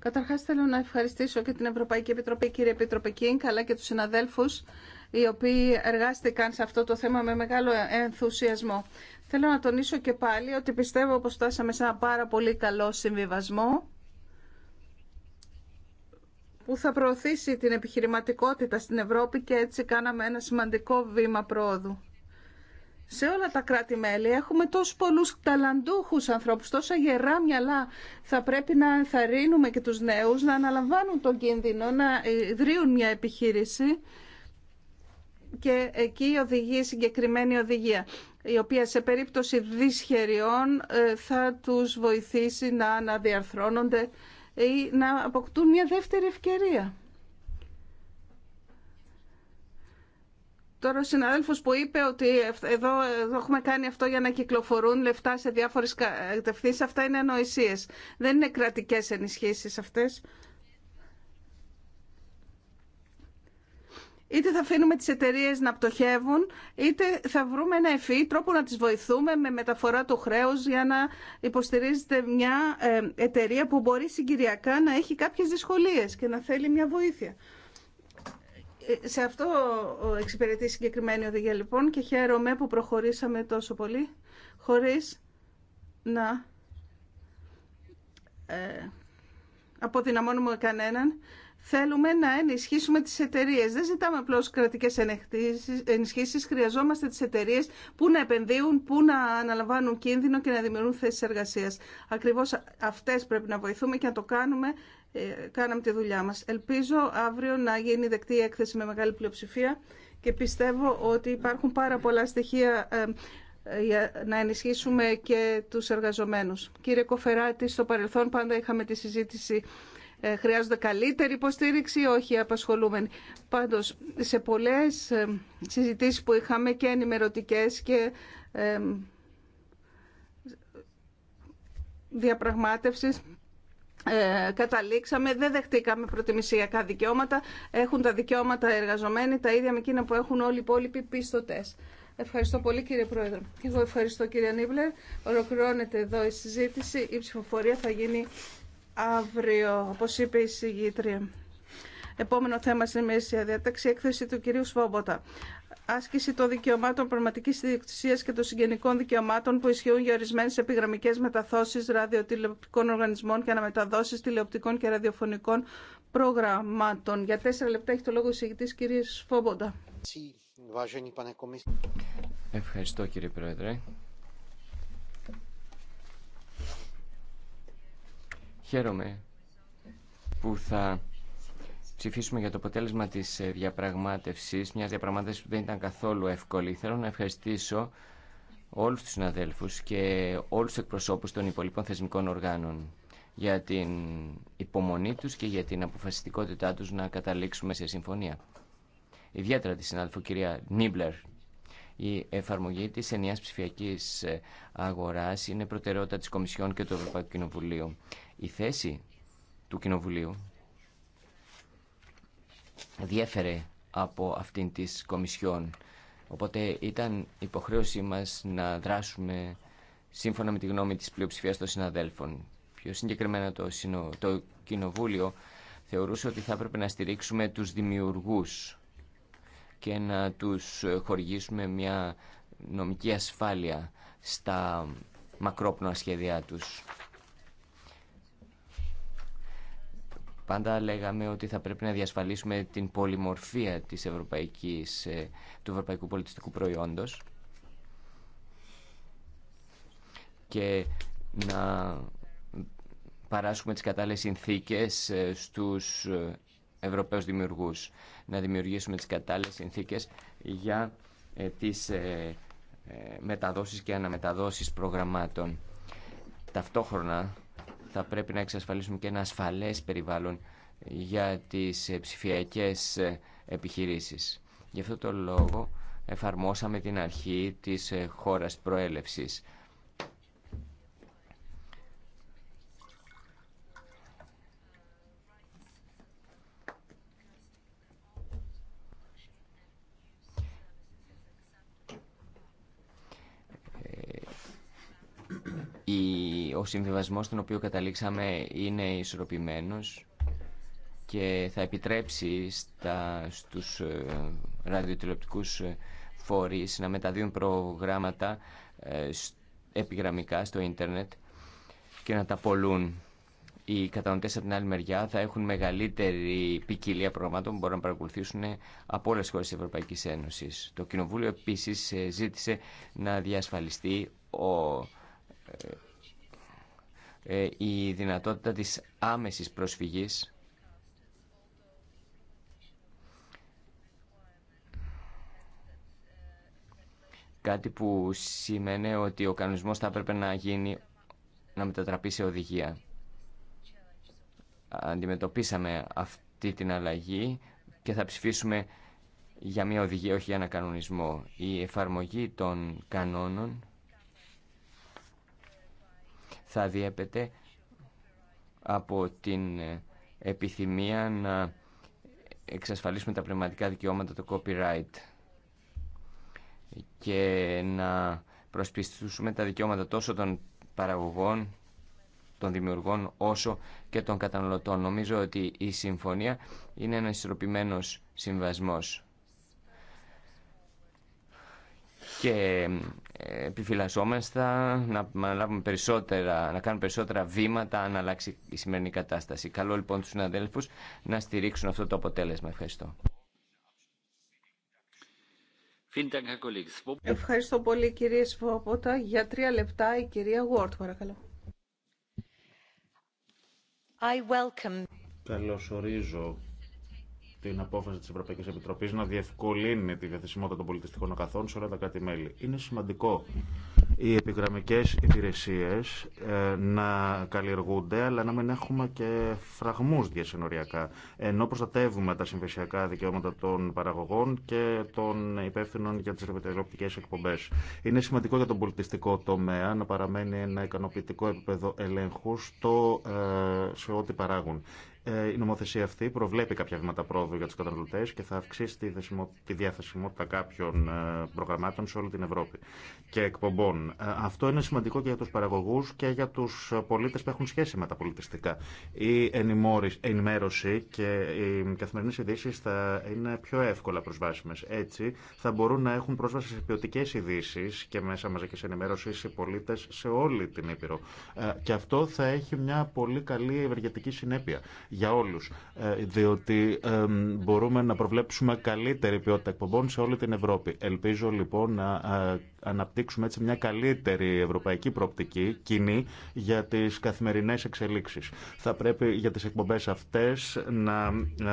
Καταρχά θέλω να ευχαριστήσω και την Ευρωπαϊκή Επιτροπή, κύριε Επιτροπή Κίνγκ, αλλά και τους συναδέλφους οι οποίοι εργάστηκαν σε αυτό το θέμα με μεγάλο ενθουσιασμό. Θέλω να τονίσω και πάλι ότι πιστεύω πως φτάσαμε σε ένα πάρα πολύ καλό συμβιβασμό που θα προωθήσει την επιχειρηματικότητα στην Ευρώπη και έτσι κάναμε ένα σημαντικό βήμα πρόοδου σε όλα τα κράτη-μέλη έχουμε τόσους πολλούς ταλαντούχους ανθρώπους, τόσα γερά μυαλά. Θα πρέπει να ενθαρρύνουμε και τους νέους να αναλαμβάνουν τον κίνδυνο, να ιδρύουν μια επιχείρηση και εκεί οδηγεί συγκεκριμένη οδηγία, η οποία σε περίπτωση δυσχεριών ε, θα τους βοηθήσει να αναδιαρθρώνονται ή να αποκτούν μια δεύτερη ευκαιρία. Τώρα ο συνάδελφος που είπε ότι εδώ, εδώ έχουμε κάνει αυτό για να κυκλοφορούν λεφτά σε διάφορες κατευθύνσεις, αυτά είναι ανοησίες. Δεν είναι κρατικές ενισχύσεις αυτές. Είτε θα αφήνουμε τις εταιρείε να πτωχεύουν, είτε θα βρούμε ένα ευφύ τρόπο να τις βοηθούμε με μεταφορά του χρέους για να υποστηρίζεται μια ε, εταιρεία που μπορεί συγκυριακά να έχει κάποιες δυσκολίες και να θέλει μια βοήθεια σε αυτό εξυπηρετεί συγκεκριμένη οδηγία λοιπόν και χαίρομαι που προχωρήσαμε τόσο πολύ χωρίς να ε, αποδυναμώνουμε κανέναν. Θέλουμε να ενισχύσουμε τις εταιρείε. Δεν ζητάμε απλώ κρατικές ενισχύσεις, χρειαζόμαστε τις εταιρείε που να επενδύουν, που να αναλαμβάνουν κίνδυνο και να δημιουργούν θέσεις εργασίας. Ακριβώς αυτές πρέπει να βοηθούμε και να το κάνουμε ε, κάναμε τη δουλειά μας. Ελπίζω αύριο να γίνει δεκτή η έκθεση με μεγάλη πλειοψηφία και πιστεύω ότι υπάρχουν πάρα πολλά στοιχεία ε, για να ενισχύσουμε και τους εργαζομένους. Κύριε Κοφεράτη, στο παρελθόν πάντα είχαμε τη συζήτηση ε, χρειάζονται καλύτερη υποστήριξη, όχι απασχολούμενοι. Πάντως, σε πολλές συζητήσεις που είχαμε και ενημερωτικές και διαπραγμάτευσης, ε, καταλήξαμε, δεν δεχτήκαμε προτιμησιακά δικαιώματα. Έχουν τα δικαιώματα εργαζομένοι τα ίδια με εκείνα που έχουν όλοι οι υπόλοιποι πιστωτέ. Ευχαριστώ πολύ κύριε Πρόεδρε. εγώ ευχαριστώ κύριε Νίβλερ. Ολοκληρώνεται εδώ η συζήτηση. Η ψηφοφορία θα γίνει αύριο, όπω είπε η συγγήτρια. Επόμενο θέμα στην μέση διάταξη, έκθεση του κυρίου Σβόμποτα άσκηση των δικαιωμάτων πραγματικής ιδιοκτησία και των συγγενικών δικαιωμάτων που ισχύουν για ορισμένες επιγραμμικές μεταθώσεις ραδιοτηλεοπτικών οργανισμών και αναμεταδόσεις τηλεοπτικών και ραδιοφωνικών προγραμμάτων. Για τέσσερα λεπτά έχει το λόγο ο εισηγητής κύριε Φόμποντα. Ευχαριστώ κύριε Πρόεδρε. Χαίρομαι που θα ψηφίσουμε για το αποτέλεσμα τη διαπραγματεύση, μια διαπραγμάτευση που δεν ήταν καθόλου εύκολη. Θέλω να ευχαριστήσω όλου του συναδέλφου και όλου του εκπροσώπου των υπολείπων θεσμικών οργάνων για την υπομονή του και για την αποφασιστικότητά του να καταλήξουμε σε συμφωνία. Ιδιαίτερα τη συνάδελφο κυρία Νίμπλερ. Η εφαρμογή τη ενιαίας ψηφιακή ε, αγορά είναι προτεραιότητα τη Κομισιόν και του Ευρωπαϊκού Κοινοβουλίου. Η θέση του Κοινοβουλίου διέφερε από αυτήν της Κομισιόν. Οπότε ήταν υποχρέωσή μας να δράσουμε σύμφωνα με τη γνώμη της πλειοψηφίας των συναδέλφων. Πιο συγκεκριμένα το, το Κοινοβούλιο θεωρούσε ότι θα έπρεπε να στηρίξουμε τους δημιουργούς και να τους χορηγήσουμε μια νομική ασφάλεια στα μακρόπνοα σχέδιά τους. Πάντα λέγαμε ότι θα πρέπει να διασφαλίσουμε την πολυμορφία της ευρωπαϊκής, ε, του ευρωπαϊκού πολιτιστικού προϊόντος και να παράσχουμε τις κατάλληλες συνθήκες ε, στους ε, Ευρωπαίους δημιουργούς. Να δημιουργήσουμε τις κατάλληλες συνθήκες για τις μεταδόσεις και αναμεταδόσεις προγραμμάτων. Ταυτόχρονα θα πρέπει να εξασφαλίσουμε και ένα ασφαλές περιβάλλον για τις ε, ψηφιακές ε, επιχειρήσεις. Γι' αυτό το λόγο εφαρμόσαμε την αρχή της ε, χώρας προέλευσης. ο συμβιβασμός στον οποίο καταλήξαμε είναι ισορροπημένος και θα επιτρέψει στα, στους ε, ραδιοτηλεοπτικούς ε, φορείς να μεταδίδουν προγράμματα ε, επιγραμμικά στο ίντερνετ και να τα πολλούν. Οι κατανοητέ από την άλλη μεριά θα έχουν μεγαλύτερη ποικιλία προγραμμάτων που μπορούν να παρακολουθήσουν από όλες τις χώρες της Ευρωπαϊκής Το Κοινοβούλιο επίσης ζήτησε να διασφαλιστεί ο ε, η δυνατότητα της άμεσης προσφυγής κάτι που σημαίνει ότι ο κανονισμός θα έπρεπε να γίνει να μετατραπεί σε οδηγία. Αντιμετωπίσαμε αυτή την αλλαγή και θα ψηφίσουμε για μια οδηγία, όχι για ένα κανονισμό. Η εφαρμογή των κανόνων θα διέπεται από την ε, επιθυμία να εξασφαλίσουμε τα πνευματικά δικαιώματα, το copyright και να προσπιστούσουμε τα δικαιώματα τόσο των παραγωγών, των δημιουργών, όσο και των καταναλωτών. Νομίζω ότι η συμφωνία είναι ένας ισορροπημένος συμβασμός και ε, επιφυλασσόμεθα να, λάβουμε περισσότερα, να κάνουμε περισσότερα βήματα αν αλλάξει η σημερινή κατάσταση. Καλό λοιπόν τους συναδέλφους να στηρίξουν αυτό το αποτέλεσμα. Ευχαριστώ. Ευχαριστώ πολύ κύριε Σφόποτα. Για τρία λεπτά η κυρία Γουόρτ παρακαλώ. I welcome. Καλωσορίζω την απόφαση τη Ευρωπαϊκή Επιτροπή να διευκολύνει τη διαθεσιμότητα των πολιτιστικών αγαθών σε όλα τα κράτη-μέλη. Είναι σημαντικό οι επιγραμμικές υπηρεσίες ε, να καλλιεργούνται, αλλά να μην έχουμε και φραγμούς διασυνοριακά, ενώ προστατεύουμε τα συμβεσιακά δικαιώματα των παραγωγών και των υπεύθυνων για τι ρεπετελεοπτικέ εκπομπέ. Είναι σημαντικό για τον πολιτιστικό τομέα να παραμένει ένα ικανοποιητικό επίπεδο ελέγχου στο, ε, σε ό,τι παράγουν. Ε, η νομοθεσία αυτή προβλέπει κάποια βήματα πρόοδου για του καταναλωτέ και θα αυξήσει τη, διαθεσιμότητα κάποιων ε, προγραμμάτων σε όλη την Ευρώπη και εκπομπών. Ε, αυτό είναι σημαντικό και για του παραγωγού και για του πολίτε που έχουν σχέση με τα πολιτιστικά. Η ενημέρωση και οι καθημερινέ ειδήσει θα είναι πιο εύκολα προσβάσιμε. Έτσι θα μπορούν να έχουν πρόσβαση σε ποιοτικέ ειδήσει και μέσα μαζική ενημέρωση οι πολίτε σε όλη την Ήπειρο. Και αυτό θα έχει μια πολύ καλή ευεργετική συνέπεια για όλους. Ε, διότι μπορούμε να προβλέψουμε καλύτερη ποιότητα εκπομπών σε όλη την Ευρώπη. Ελπίζω λοιπόν να ε, αναπτύξουμε έτσι μια καλύτερη ευρωπαϊκή προοπτική κοινή για τις καθημερινές εξελίξεις. Θα πρέπει για τις εκπομπές αυτές να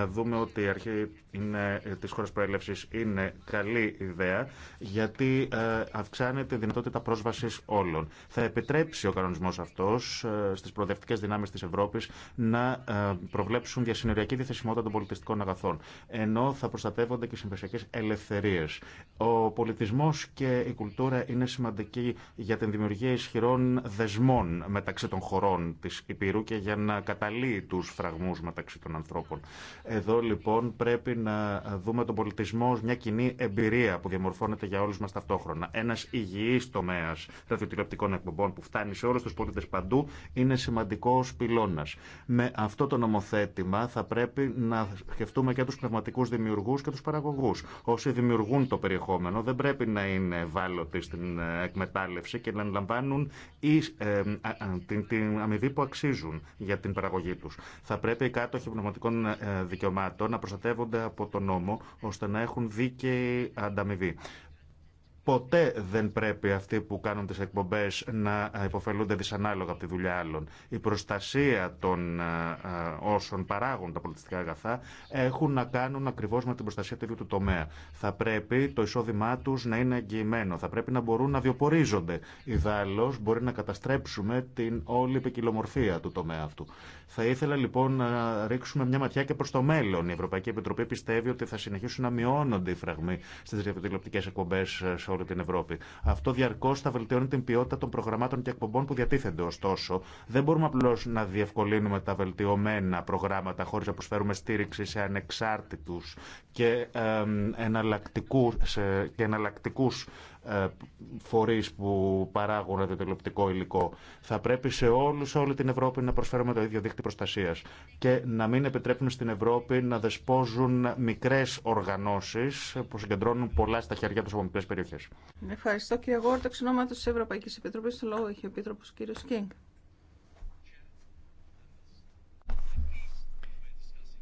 δούμε ότι η αρχή είναι, ε, της χώρας προέλευσης είναι καλή ιδέα γιατί αυξάνεται η δυνατότητα πρόσβασης όλων. Θα επιτρέψει ο κανονισμός αυτός στις προοδευτικές δυνάμεις της Ευρώπης να προβλέψουν για διθεσιμότητα των πολιτιστικών αγαθών, ενώ θα προστατεύονται και συμπεσιακέ ελευθερίε. Ο πολιτισμό και η κουλτούρα είναι σημαντική για την δημιουργία ισχυρών δεσμών μεταξύ των χωρών τη Υπήρου και για να καταλύει του φραγμού μεταξύ των ανθρώπων. Εδώ λοιπόν πρέπει να δούμε τον πολιτισμό ως μια κοινή εμπειρία που διαμορφώνεται για όλου μα ταυτόχρονα. Ένα υγιή τομέα ραδιοτηλεοπτικών εκπομπών που φτάνει σε όλου του πολίτε παντού είναι σημαντικό πυλώνα. Με αυτό το νομοθέτημα θα πρέπει να σκεφτούμε και τους πνευματικούς δημιουργούς και τους παραγωγούς. Όσοι δημιουργούν το περιεχόμενο δεν πρέπει να είναι ευάλωτοι στην εκμετάλλευση και να λαμβάνουν ή, ε, την, την αμοιβή που αξίζουν για την παραγωγή τους. Θα πρέπει οι κάτοχοι πνευματικών ε, δικαιωμάτων να προστατεύονται από τον νόμο ώστε να έχουν δίκαιη ανταμοιβή. Ποτέ δεν πρέπει αυτοί που κάνουν τις εκπομπές να υποφελούνται δυσανάλογα από τη δουλειά άλλων. Η προστασία των ε, ε, όσων παράγουν τα πολιτιστικά αγαθά έχουν να κάνουν ακριβώς με την προστασία του ίδιου του τομέα. Θα πρέπει το εισόδημά τους να είναι εγγυημένο, θα πρέπει να μπορούν να διοπορίζονται. Ιδάλλως μπορεί να καταστρέψουμε την όλη ποικιλομορφία του τομέα αυτού. Θα ήθελα λοιπόν να ρίξουμε μια ματιά και προς το μέλλον. Η Ευρωπαϊκή Επιτροπή πιστεύει ότι θα συνεχίσουν να μειώνονται οι φραγμοί στις διαδικτυλοπτικές εκπομπές ε, όλη την Ευρώπη. Αυτό διαρκώ θα βελτιώνει την ποιότητα των προγραμμάτων και εκπομπών που διατίθενται. Ωστόσο, δεν μπορούμε απλώ να διευκολύνουμε τα βελτιωμένα προγράμματα χωρί να προσφέρουμε στήριξη σε ανεξάρτητου και εναλλακτικού και εναλλακτικούς φορεί που παράγουν τηλεοπτικό υλικό. Θα πρέπει σε όλου σε όλη την Ευρώπη να προσφέρουμε το ίδιο δίκτυο Προστασία και να μην επιτρέπουν στην Ευρώπη να δεσπόζουν μικρέ οργανώσει που συγκεντρώνουν πολλά στα χέρια του από μικρέ περιοχέ. Ευχαριστώ κύριε Γόρτα, εξ ονόματος τη Ευρωπαϊκή Επιτροπή, το λόγο έχει ο Επίτροπο κύριος Κίνγκ.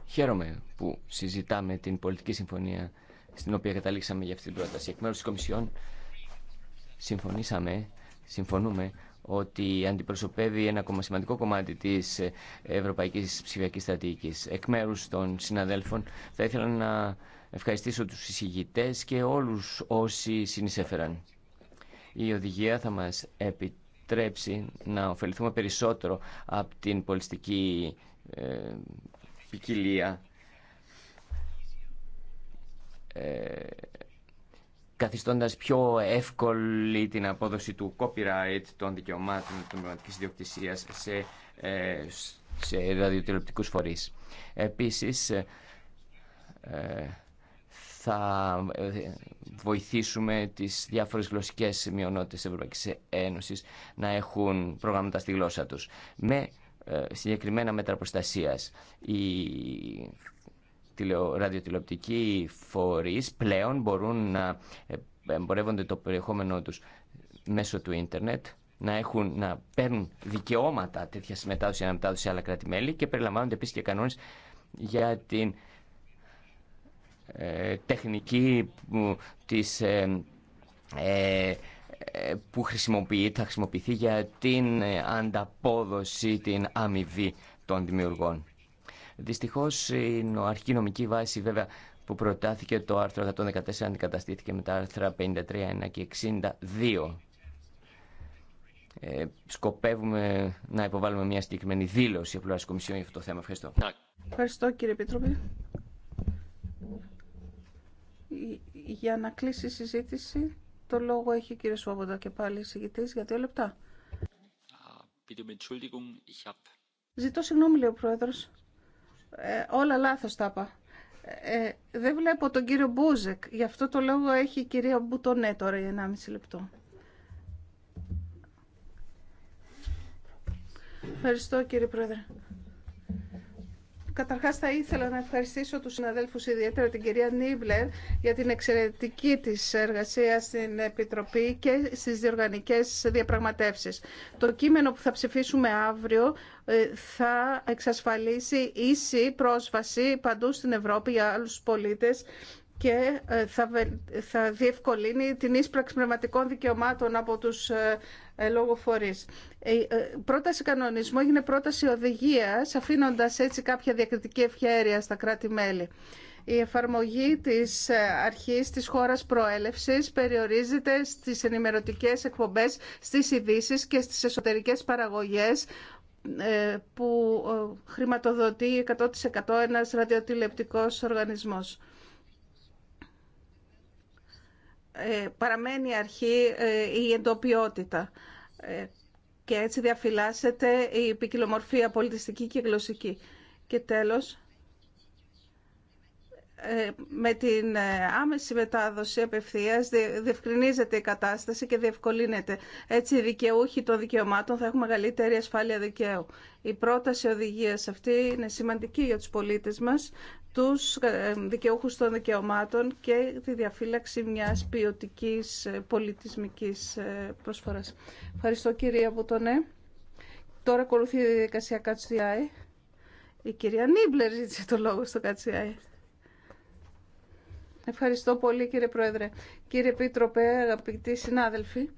Χαίρομαι που συζητάμε την πολιτική συμφωνία στην οποία καταλήξαμε για αυτή την πρόταση. Εκ μέρου τη Κομισιόν συμφωνήσαμε, συμφωνούμε ότι αντιπροσωπεύει ένα σημαντικό κομμάτι της ε, Ευρωπαϊκής Ψηφιακής Στρατηγικής. Εκ μέρους των συναδέλφων θα ήθελα να ευχαριστήσω τους συζητητές και όλους όσοι συνεισέφεραν. Η οδηγία θα μας επιτρέψει να ωφεληθούμε περισσότερο από την πολιστική ε, ποικιλία ε, καθιστώντας πιο εύκολη την απόδοση του copyright των δικαιωμάτων των πνευματικής ιδιοκτησίας σε, ε, σε ραδιοτηλεοπτικούς φορείς. Επίσης, ε, θα ε, βοηθήσουμε τις διάφορες γλωσσικές μειονότητες της Ευρωπαϊκής Ένωσης να έχουν προγράμματα στη γλώσσα τους. Με ε, συγκεκριμένα μέτρα προστασίας. Η τηλεο, ραδιοτηλεοπτικοί φορείς πλέον μπορούν να ε, εμπορεύονται το περιεχόμενό τους μέσω του ίντερνετ, να, έχουν, να παίρνουν δικαιώματα τέτοια συμμετάδοση ή αναμετάδοση σε άλλα κράτη-μέλη και περιλαμβάνονται επίσης και κανόνες για την ε, τεχνική που, της, ε, ε που θα χρησιμοποιηθεί για την ανταπόδοση, την αμοιβή των δημιουργών. Δυστυχώ, η αρχική νομική βάση βέβαια που προτάθηκε το άρθρο 114 αντικαταστήθηκε με τα άρθρα 53, 1 και 62. Ε, σκοπεύουμε να υποβάλουμε μια συγκεκριμένη δήλωση από την Κομισιόν για αυτό το θέμα. Ευχαριστώ. Ευχαριστώ κύριε Επίτροπε. Για να κλείσει η συζήτηση, το λόγο έχει ο Σόβοντα και πάλι εισηγητής για δύο λεπτά. Um Ζητώ συγγνώμη, λέει ο Πρόεδρος. Ε, όλα λάθος τα είπα. Ε, δεν βλέπω τον κύριο Μπούζεκ. Γι' αυτό το λόγο έχει η κυρία Μπουτονέ τώρα για 1,5 λεπτό. Ευχαριστώ κύριε Πρόεδρε. Καταρχά θα ήθελα να ευχαριστήσω του συναδέλφου ιδιαίτερα την κυρία Νίμπλερ, για την εξαιρετική της εργασία στην Επιτροπή και στις διοργανικέ διαπραγματεύσεις. Το κείμενο που θα ψηφίσουμε αύριο ε, θα εξασφαλίσει ίση πρόσβαση παντού στην Ευρώπη για άλλους πολίτες και ε, θα διευκολύνει την ίσπραξη πνευματικών δικαιωμάτων από τους ε, ε, λόγω φορείς. Η ε, ε, πρόταση κανονισμού έγινε πρόταση οδηγία, αφήνοντα έτσι κάποια διακριτική ευχαίρεια στα κράτη-μέλη. Η εφαρμογή της αρχής της χώρας προέλευσης περιορίζεται στις ενημερωτικές εκπομπές, στις ειδήσει και στις εσωτερικές παραγωγές που χρηματοδοτεί 100% ένας ραδιοτηλεπτικός οργανισμός. Ε, παραμένει αρχή ε, η εντοπιότητα ε, και έτσι διαφυλάσσεται η ποικιλομορφία πολιτιστική και γλωσσική. Και τέλος, ε, με την ε, άμεση μετάδοση απευθείας διευκρινίζεται η κατάσταση και διευκολύνεται. Έτσι οι δικαιούχοι των δικαιωμάτων θα έχουν μεγαλύτερη ασφάλεια δικαίου. Η πρόταση οδηγίας αυτή είναι σημαντική για τους πολίτες μας, τους ε, δικαιούχους των δικαιωμάτων και τη διαφύλαξη μιας ποιοτική πολιτισμικής προσφοράς. Ευχαριστώ κυρία Βουτονέ. Τώρα ακολουθεί η διαδικασία Η κυρία Νίμπλερ ζήτησε το λόγο στο Ευχαριστώ πολύ κύριε Πρόεδρε. Κύριε επίτροπε, αγαπητοί συνάδελφοι,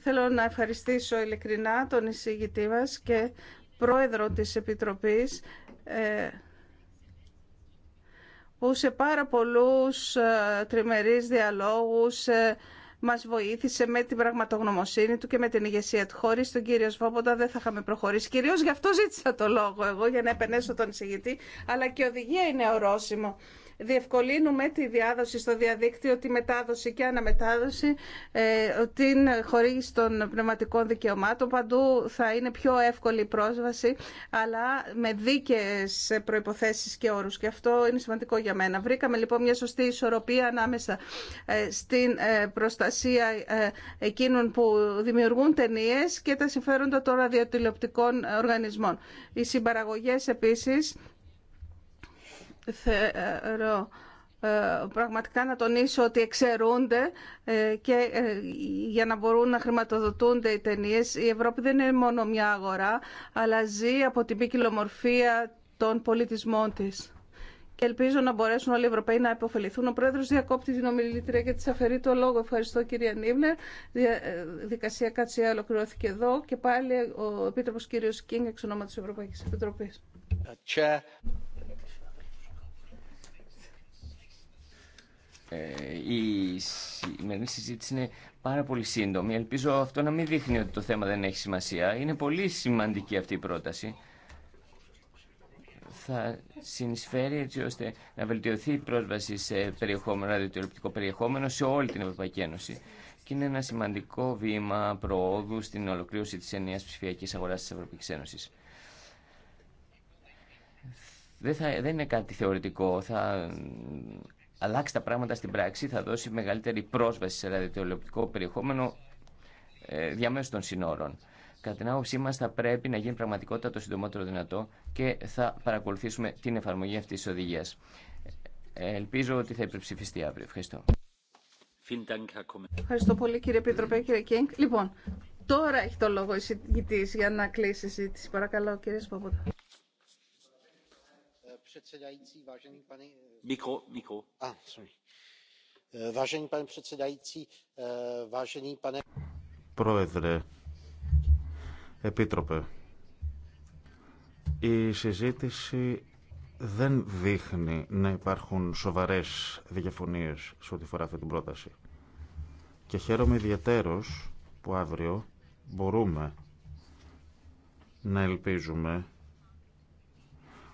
θέλω να ευχαριστήσω ειλικρινά τον εισηγητή μας και πρόεδρο της Επιτροπής ε, που σε πάρα πολλούς ε, τριμερείς διαλόγους ε, μας βοήθησε με την πραγματογνωμοσύνη του και με την ηγεσία του. Χωρί τον κύριο Σβόμποντα δεν θα είχαμε προχωρήσει. Κυρίω γι' αυτό ζήτησα το λόγο εγώ για να επενέσω τον εισηγητή, αλλά και οδηγία είναι ορόσημο διευκολύνουμε τη διάδοση στο διαδίκτυο, τη μετάδοση και αναμετάδοση, ε, την χορήγηση των πνευματικών δικαιωμάτων. Παντού θα είναι πιο εύκολη η πρόσβαση, αλλά με δίκαιες προϋποθέσεις και όρους. Και αυτό είναι σημαντικό για μένα. Βρήκαμε λοιπόν μια σωστή ισορροπία ανάμεσα ε, στην ε, προστασία εκείνων που δημιουργούν ταινίε και τα συμφέροντα των ραδιοτηλεοπτικών οργανισμών. Οι συμπαραγωγές επίσης θεωρώ ε, πραγματικά να τονίσω ότι εξαιρούνται ε, και ε, για να μπορούν να χρηματοδοτούνται οι ταινίε. Η Ευρώπη δεν είναι μόνο μια αγορά, αλλά ζει από την ποικιλομορφία των πολιτισμών της. Και ελπίζω να μπορέσουν όλοι οι Ευρωπαίοι να επωφεληθούν. Ο πρόεδρο διακόπτει την ομιλήτρια και τη αφαιρεί το λόγο. Ευχαριστώ, κυρία Νίβλερ. Δικασία Κατσιά ολοκληρώθηκε εδώ και πάλι ο Επίτροπο κύριο Κίνγκ εξ ονόματο Ευρωπαϊκή Επιτροπή. Ε, η σημερινή συζήτηση είναι πάρα πολύ σύντομη. Ελπίζω αυτό να μην δείχνει ότι το θέμα δεν έχει σημασία. Είναι πολύ σημαντική αυτή η πρόταση. Θα συνεισφέρει έτσι ώστε να βελτιωθεί η πρόσβαση σε περιεχόμενο, ραδιοτηλεοπτικό περιεχόμενο σε όλη την Ευρωπαϊκή Ένωση. Και είναι ένα σημαντικό βήμα προόδου στην ολοκλήρωση τη ενιαία ψηφιακής αγοράς της Ευρωπαϊκή Ένωση. Δεν, δεν είναι κάτι θεωρητικό. Θα αλλάξει τα πράγματα στην πράξη, θα δώσει μεγαλύτερη πρόσβαση σε ραδιοτηλεοπτικό περιεχόμενο ε, διαμέσου των συνόρων. Κατά την άποψή μα, θα πρέπει να γίνει πραγματικότητα το συντομότερο δυνατό και θα παρακολουθήσουμε την εφαρμογή αυτή τη οδηγία. Ε, ελπίζω ότι θα υπερψηφιστεί αύριο. Ευχαριστώ. Ευχαριστώ πολύ, κύριε Πίτροπε, κύριε Κίνγκ. Λοιπόν, τώρα έχει το λόγο η συγκητή για να κλείσει η συζήτηση. Παρακαλώ, κύριε Σπαπούτα. Πρόεδρε, Επίτροπε, eh, eh, eh, η συζήτηση δεν δείχνει να υπάρχουν σοβαρές διαφωνίες σε ό,τι φορά αυτή την πρόταση. Και χαίρομαι ιδιαίτερος που αύριο μπορούμε να ελπίζουμε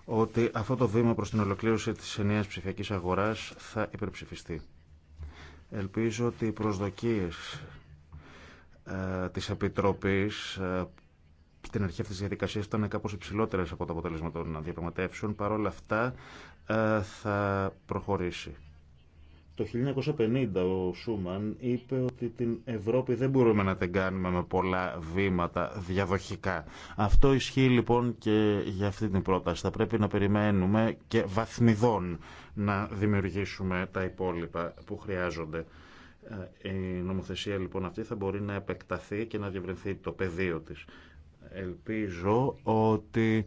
ότι αυτό το βήμα προς την ολοκλήρωση της ενιαίας ψηφιακής αγοράς θα υπερψηφιστεί. Ελπίζω ότι οι προσδοκίες ε, της Επιτροπής ε, στην αρχή αυτής της διαδικασίας ήταν κάπως υψηλότερες από το αποτέλεσμα των διαπραγματεύσεων. παρόλα αυτά ε, θα προχωρήσει. Το 1950 ο Σούμαν είπε ότι την Ευρώπη δεν μπορούμε να την κάνουμε με πολλά βήματα διαδοχικά. Αυτό ισχύει λοιπόν και για αυτή την πρόταση. Θα πρέπει να περιμένουμε και βαθμιδών να δημιουργήσουμε τα υπόλοιπα που χρειάζονται. Ε, η νομοθεσία λοιπόν αυτή θα μπορεί να επεκταθεί και να διευρυνθεί το πεδίο της. Ελπίζω ότι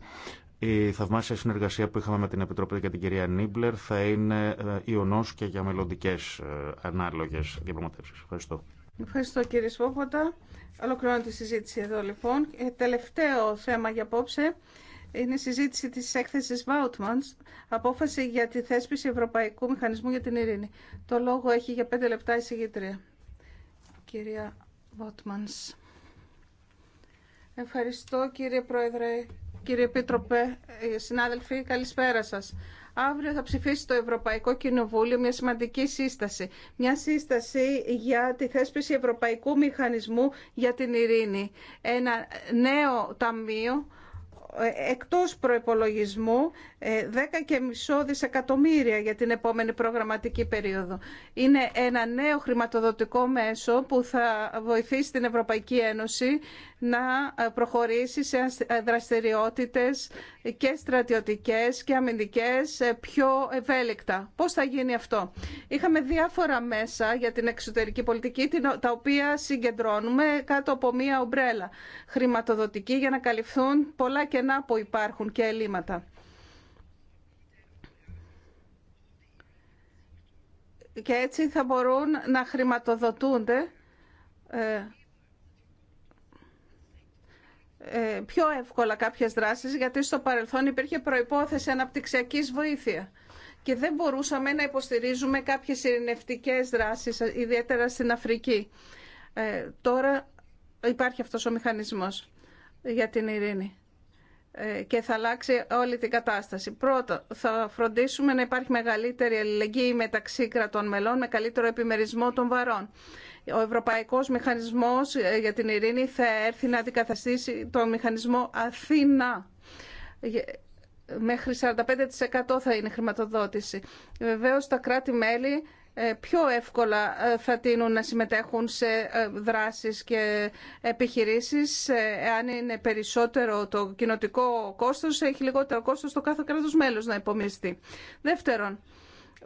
η θαυμάσια συνεργασία που είχαμε με την Επιτροπή και την κυρία Νίμπλερ θα είναι ε, ιονό και για μελλοντικέ ε, ανάλογε διαπραγματεύσει. Ευχαριστώ. Ευχαριστώ κύριε Σπόποτα. Ολοκληρώνω τη συζήτηση εδώ λοιπόν. Ε, τελευταίο θέμα για απόψε είναι η συζήτηση της έκθεσης Βάουτμανς, απόφαση για τη θέσπιση Ευρωπαϊκού Μηχανισμού για την Ειρήνη. Το λόγο έχει για πέντε λεπτά η συγγήτρια. Κυρία Βάουτμανς. Ευχαριστώ κύριε Πρόεδρε. Κύριε Πίτροπε, ε, συνάδελφοι, καλησπέρα σας. Αύριο θα ψηφίσει το Ευρωπαϊκό Κοινοβούλιο μια σημαντική σύσταση. Μια σύσταση για τη θέσπιση Ευρωπαϊκού Μηχανισμού για την Ειρήνη. Ένα νέο ταμείο ε, εκτός προϋπολογισμού 10,5 ε, δισεκατομμύρια για την επόμενη προγραμματική περίοδο. Είναι ένα νέο χρηματοδοτικό μέσο που θα βοηθήσει την Ευρωπαϊκή Ένωση να ε, προχωρήσει σε ε, δραστηριότητες και στρατιωτικές και αμυντικές ε, πιο ευέλικτα. Πώς θα γίνει αυτό. Είχαμε διάφορα μέσα για την εξωτερική πολιτική τα οποία συγκεντρώνουμε κάτω από μία ομπρέλα χρηματοδοτική για να καλυφθούν πολλά κενά που υπάρχουν και ελλείμματα. και έτσι θα μπορούν να χρηματοδοτούνται ε, πιο εύκολα κάποιες δράσεις γιατί στο παρελθόν υπήρχε προϋπόθεση αναπτυξιακής βοήθεια και δεν μπορούσαμε να υποστηρίζουμε κάποιες ειρηνευτικές δράσεις, ιδιαίτερα στην Αφρική. Ε, τώρα υπάρχει αυτός ο μηχανισμός για την ειρήνη ε, και θα αλλάξει όλη την κατάσταση. Πρώτα, θα φροντίσουμε να υπάρχει μεγαλύτερη αλληλεγγύη μεταξύ κρατών μελών με καλύτερο επιμερισμό των βαρών. Ο Ευρωπαϊκός Μηχανισμός ε, για την Ειρήνη θα έρθει να αντικαταστήσει το μηχανισμό Αθήνα. Ε, μέχρι 45% θα είναι χρηματοδότηση. Βεβαίω, τα κράτη-μέλη ε, πιο εύκολα θα τείνουν να συμμετέχουν σε δράσεις και επιχειρήσεις. εάν είναι περισσότερο το κοινοτικό κόστος, έχει λιγότερο κόστος το κάθε κράτος μέλος να υπομειστεί. Δεύτερον,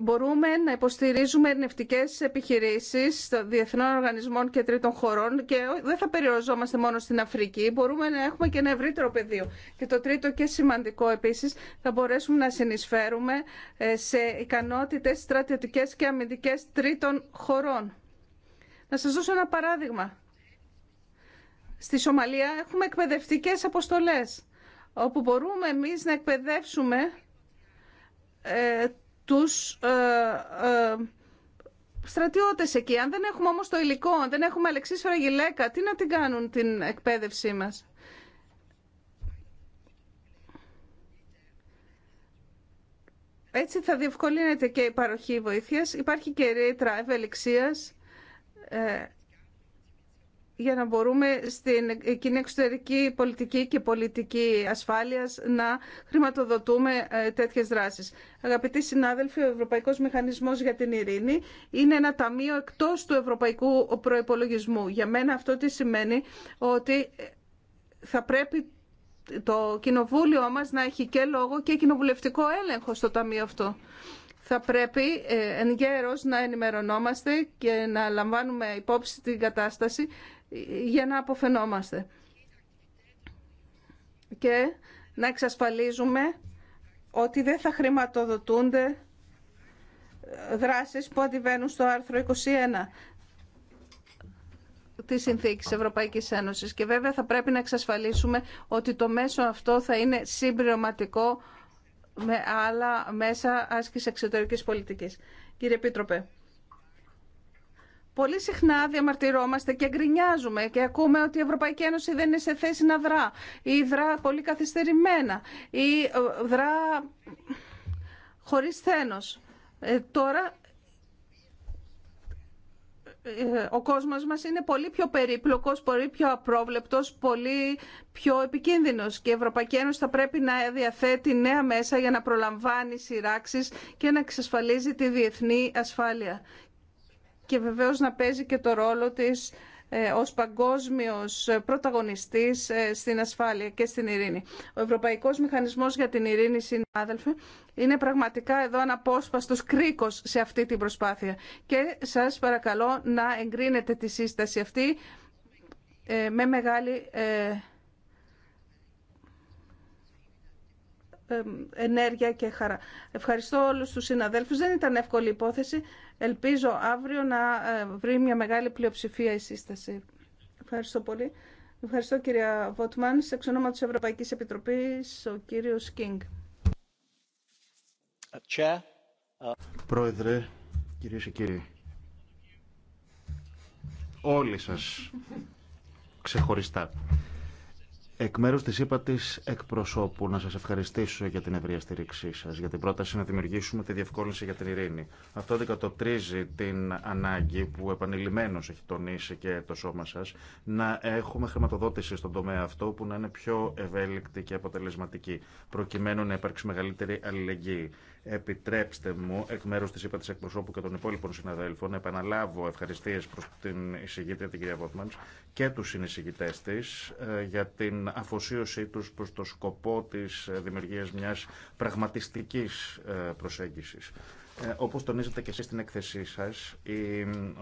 μπορούμε να υποστηρίζουμε ερνευτικέ επιχειρήσει των διεθνών οργανισμών και τρίτων χωρών και δεν θα περιοριζόμαστε μόνο στην Αφρική, μπορούμε να έχουμε και ένα ευρύτερο πεδίο. Και το τρίτο και σημαντικό επίση θα μπορέσουμε να συνεισφέρουμε ε, σε ικανότητες στρατιωτικές και αμυντικές τρίτων χωρών. Να σα δώσω ένα παράδειγμα. Στη Σομαλία έχουμε εκπαιδευτικές αποστολές, όπου μπορούμε εμείς να εκπαιδεύσουμε ε, τους ε, ε, στρατιώτες εκεί. Αν δεν έχουμε όμως το υλικό, αν δεν έχουμε αλεξίσφαιρα γυλαίκα, τι να την κάνουν την εκπαίδευσή μας. Έτσι θα διευκολύνεται και η παροχή βοήθειας. Υπάρχει και ρήτρα ευελιξίας. Ε, για να μπορούμε στην κοινή εξωτερική πολιτική και πολιτική ασφάλειας να χρηματοδοτούμε ε, τέτοιες δράσεις. Αγαπητοί συνάδελφοι, ο Ευρωπαϊκός Μηχανισμός για την Ειρήνη είναι ένα ταμείο εκτός του ευρωπαϊκού προϋπολογισμού. Για μένα αυτό τι σημαίνει ότι ε, θα πρέπει το κοινοβούλιο μας να έχει και λόγο και κοινοβουλευτικό έλεγχο στο ταμείο αυτό. Θα πρέπει ε, εν γέρος να ενημερωνόμαστε και να λαμβάνουμε υπόψη την κατάσταση για να αποφαινόμαστε και να εξασφαλίζουμε ότι δεν θα χρηματοδοτούνται δράσεις που αντιβαίνουν στο άρθρο 21 της Συνθήκης Ευρωπαϊκής Ένωσης. Και βέβαια θα πρέπει να εξασφαλίσουμε ότι το μέσο αυτό θα είναι συμπληρωματικό με άλλα μέσα άσκηση εξωτερικής πολιτικής. Κύριε Πίτροπε. Πολύ συχνά διαμαρτυρόμαστε και γκρινιάζουμε και ακούμε ότι η Ευρωπαϊκή Ένωση δεν είναι σε θέση να δρά ή δρά πολύ καθυστερημένα ή ε, δρά χωρίς θένος. Ε, τώρα ε, ο κόσμος μας είναι πολύ πιο περίπλοκος, πολύ πιο απρόβλεπτος, πολύ πιο επικίνδυνος και η Ευρωπαϊκή Ένωση θα πρέπει να διαθέτει νέα μέσα για να προλαμβάνει σειράξεις και να εξασφαλίζει τη διεθνή ασφάλεια και βεβαίως να παίζει και το ρόλο της ε, ως παγκόσμιος πρωταγωνιστής ε, στην ασφάλεια και στην ειρήνη. Ο Ευρωπαϊκός Μηχανισμός για την Ειρήνη, συνάδελφε, είναι πραγματικά εδώ αναπόσπαστος κρίκος σε αυτή την προσπάθεια. Και σας παρακαλώ να εγκρίνετε τη σύσταση αυτή ε, με μεγάλη ενέργεια και χαρά. Ευχαριστώ όλους τους συναδέλφους. Δεν ήταν εύκολη υπόθεση. Ελπίζω αύριο να ε, βρει μια μεγάλη πλειοψηφία η σύσταση. Ευχαριστώ πολύ. Ευχαριστώ κυρία Βότμαν. Σε ξενόμα της Ευρωπαϊκής Επιτροπής, ο κύριος Κίνγκ. Ε, ε. Πρόεδρε, κυρίες και κύριοι, όλοι σας ξεχωριστά. Εκ μέρου τη είπα τη εκπροσώπου, να σα ευχαριστήσω για την ευρεία στήριξή σα, για την πρόταση να δημιουργήσουμε τη διευκόλυνση για την ειρήνη. Αυτό αντικατοπτρίζει την ανάγκη που επανειλημμένω έχει τονίσει και το σώμα σα να έχουμε χρηματοδότηση στον τομέα αυτό που να είναι πιο ευέλικτη και αποτελεσματική, προκειμένου να υπάρξει μεγαλύτερη αλληλεγγύη. Επιτρέψτε μου, εκ μέρου τη ΥΠΑ τη εκπροσώπου και των υπόλοιπων συναδέλφων, να επαναλάβω ευχαριστίε προ την εισηγήτρια την κυρία Βότμαν και του συνεισηγητέ τη ε, για την αφοσίωσή του προ το σκοπό τη δημιουργία μια πραγματιστική προσέγγιση. Ε, ε, ε Όπω τονίζετε και εσεί στην έκθεσή σα,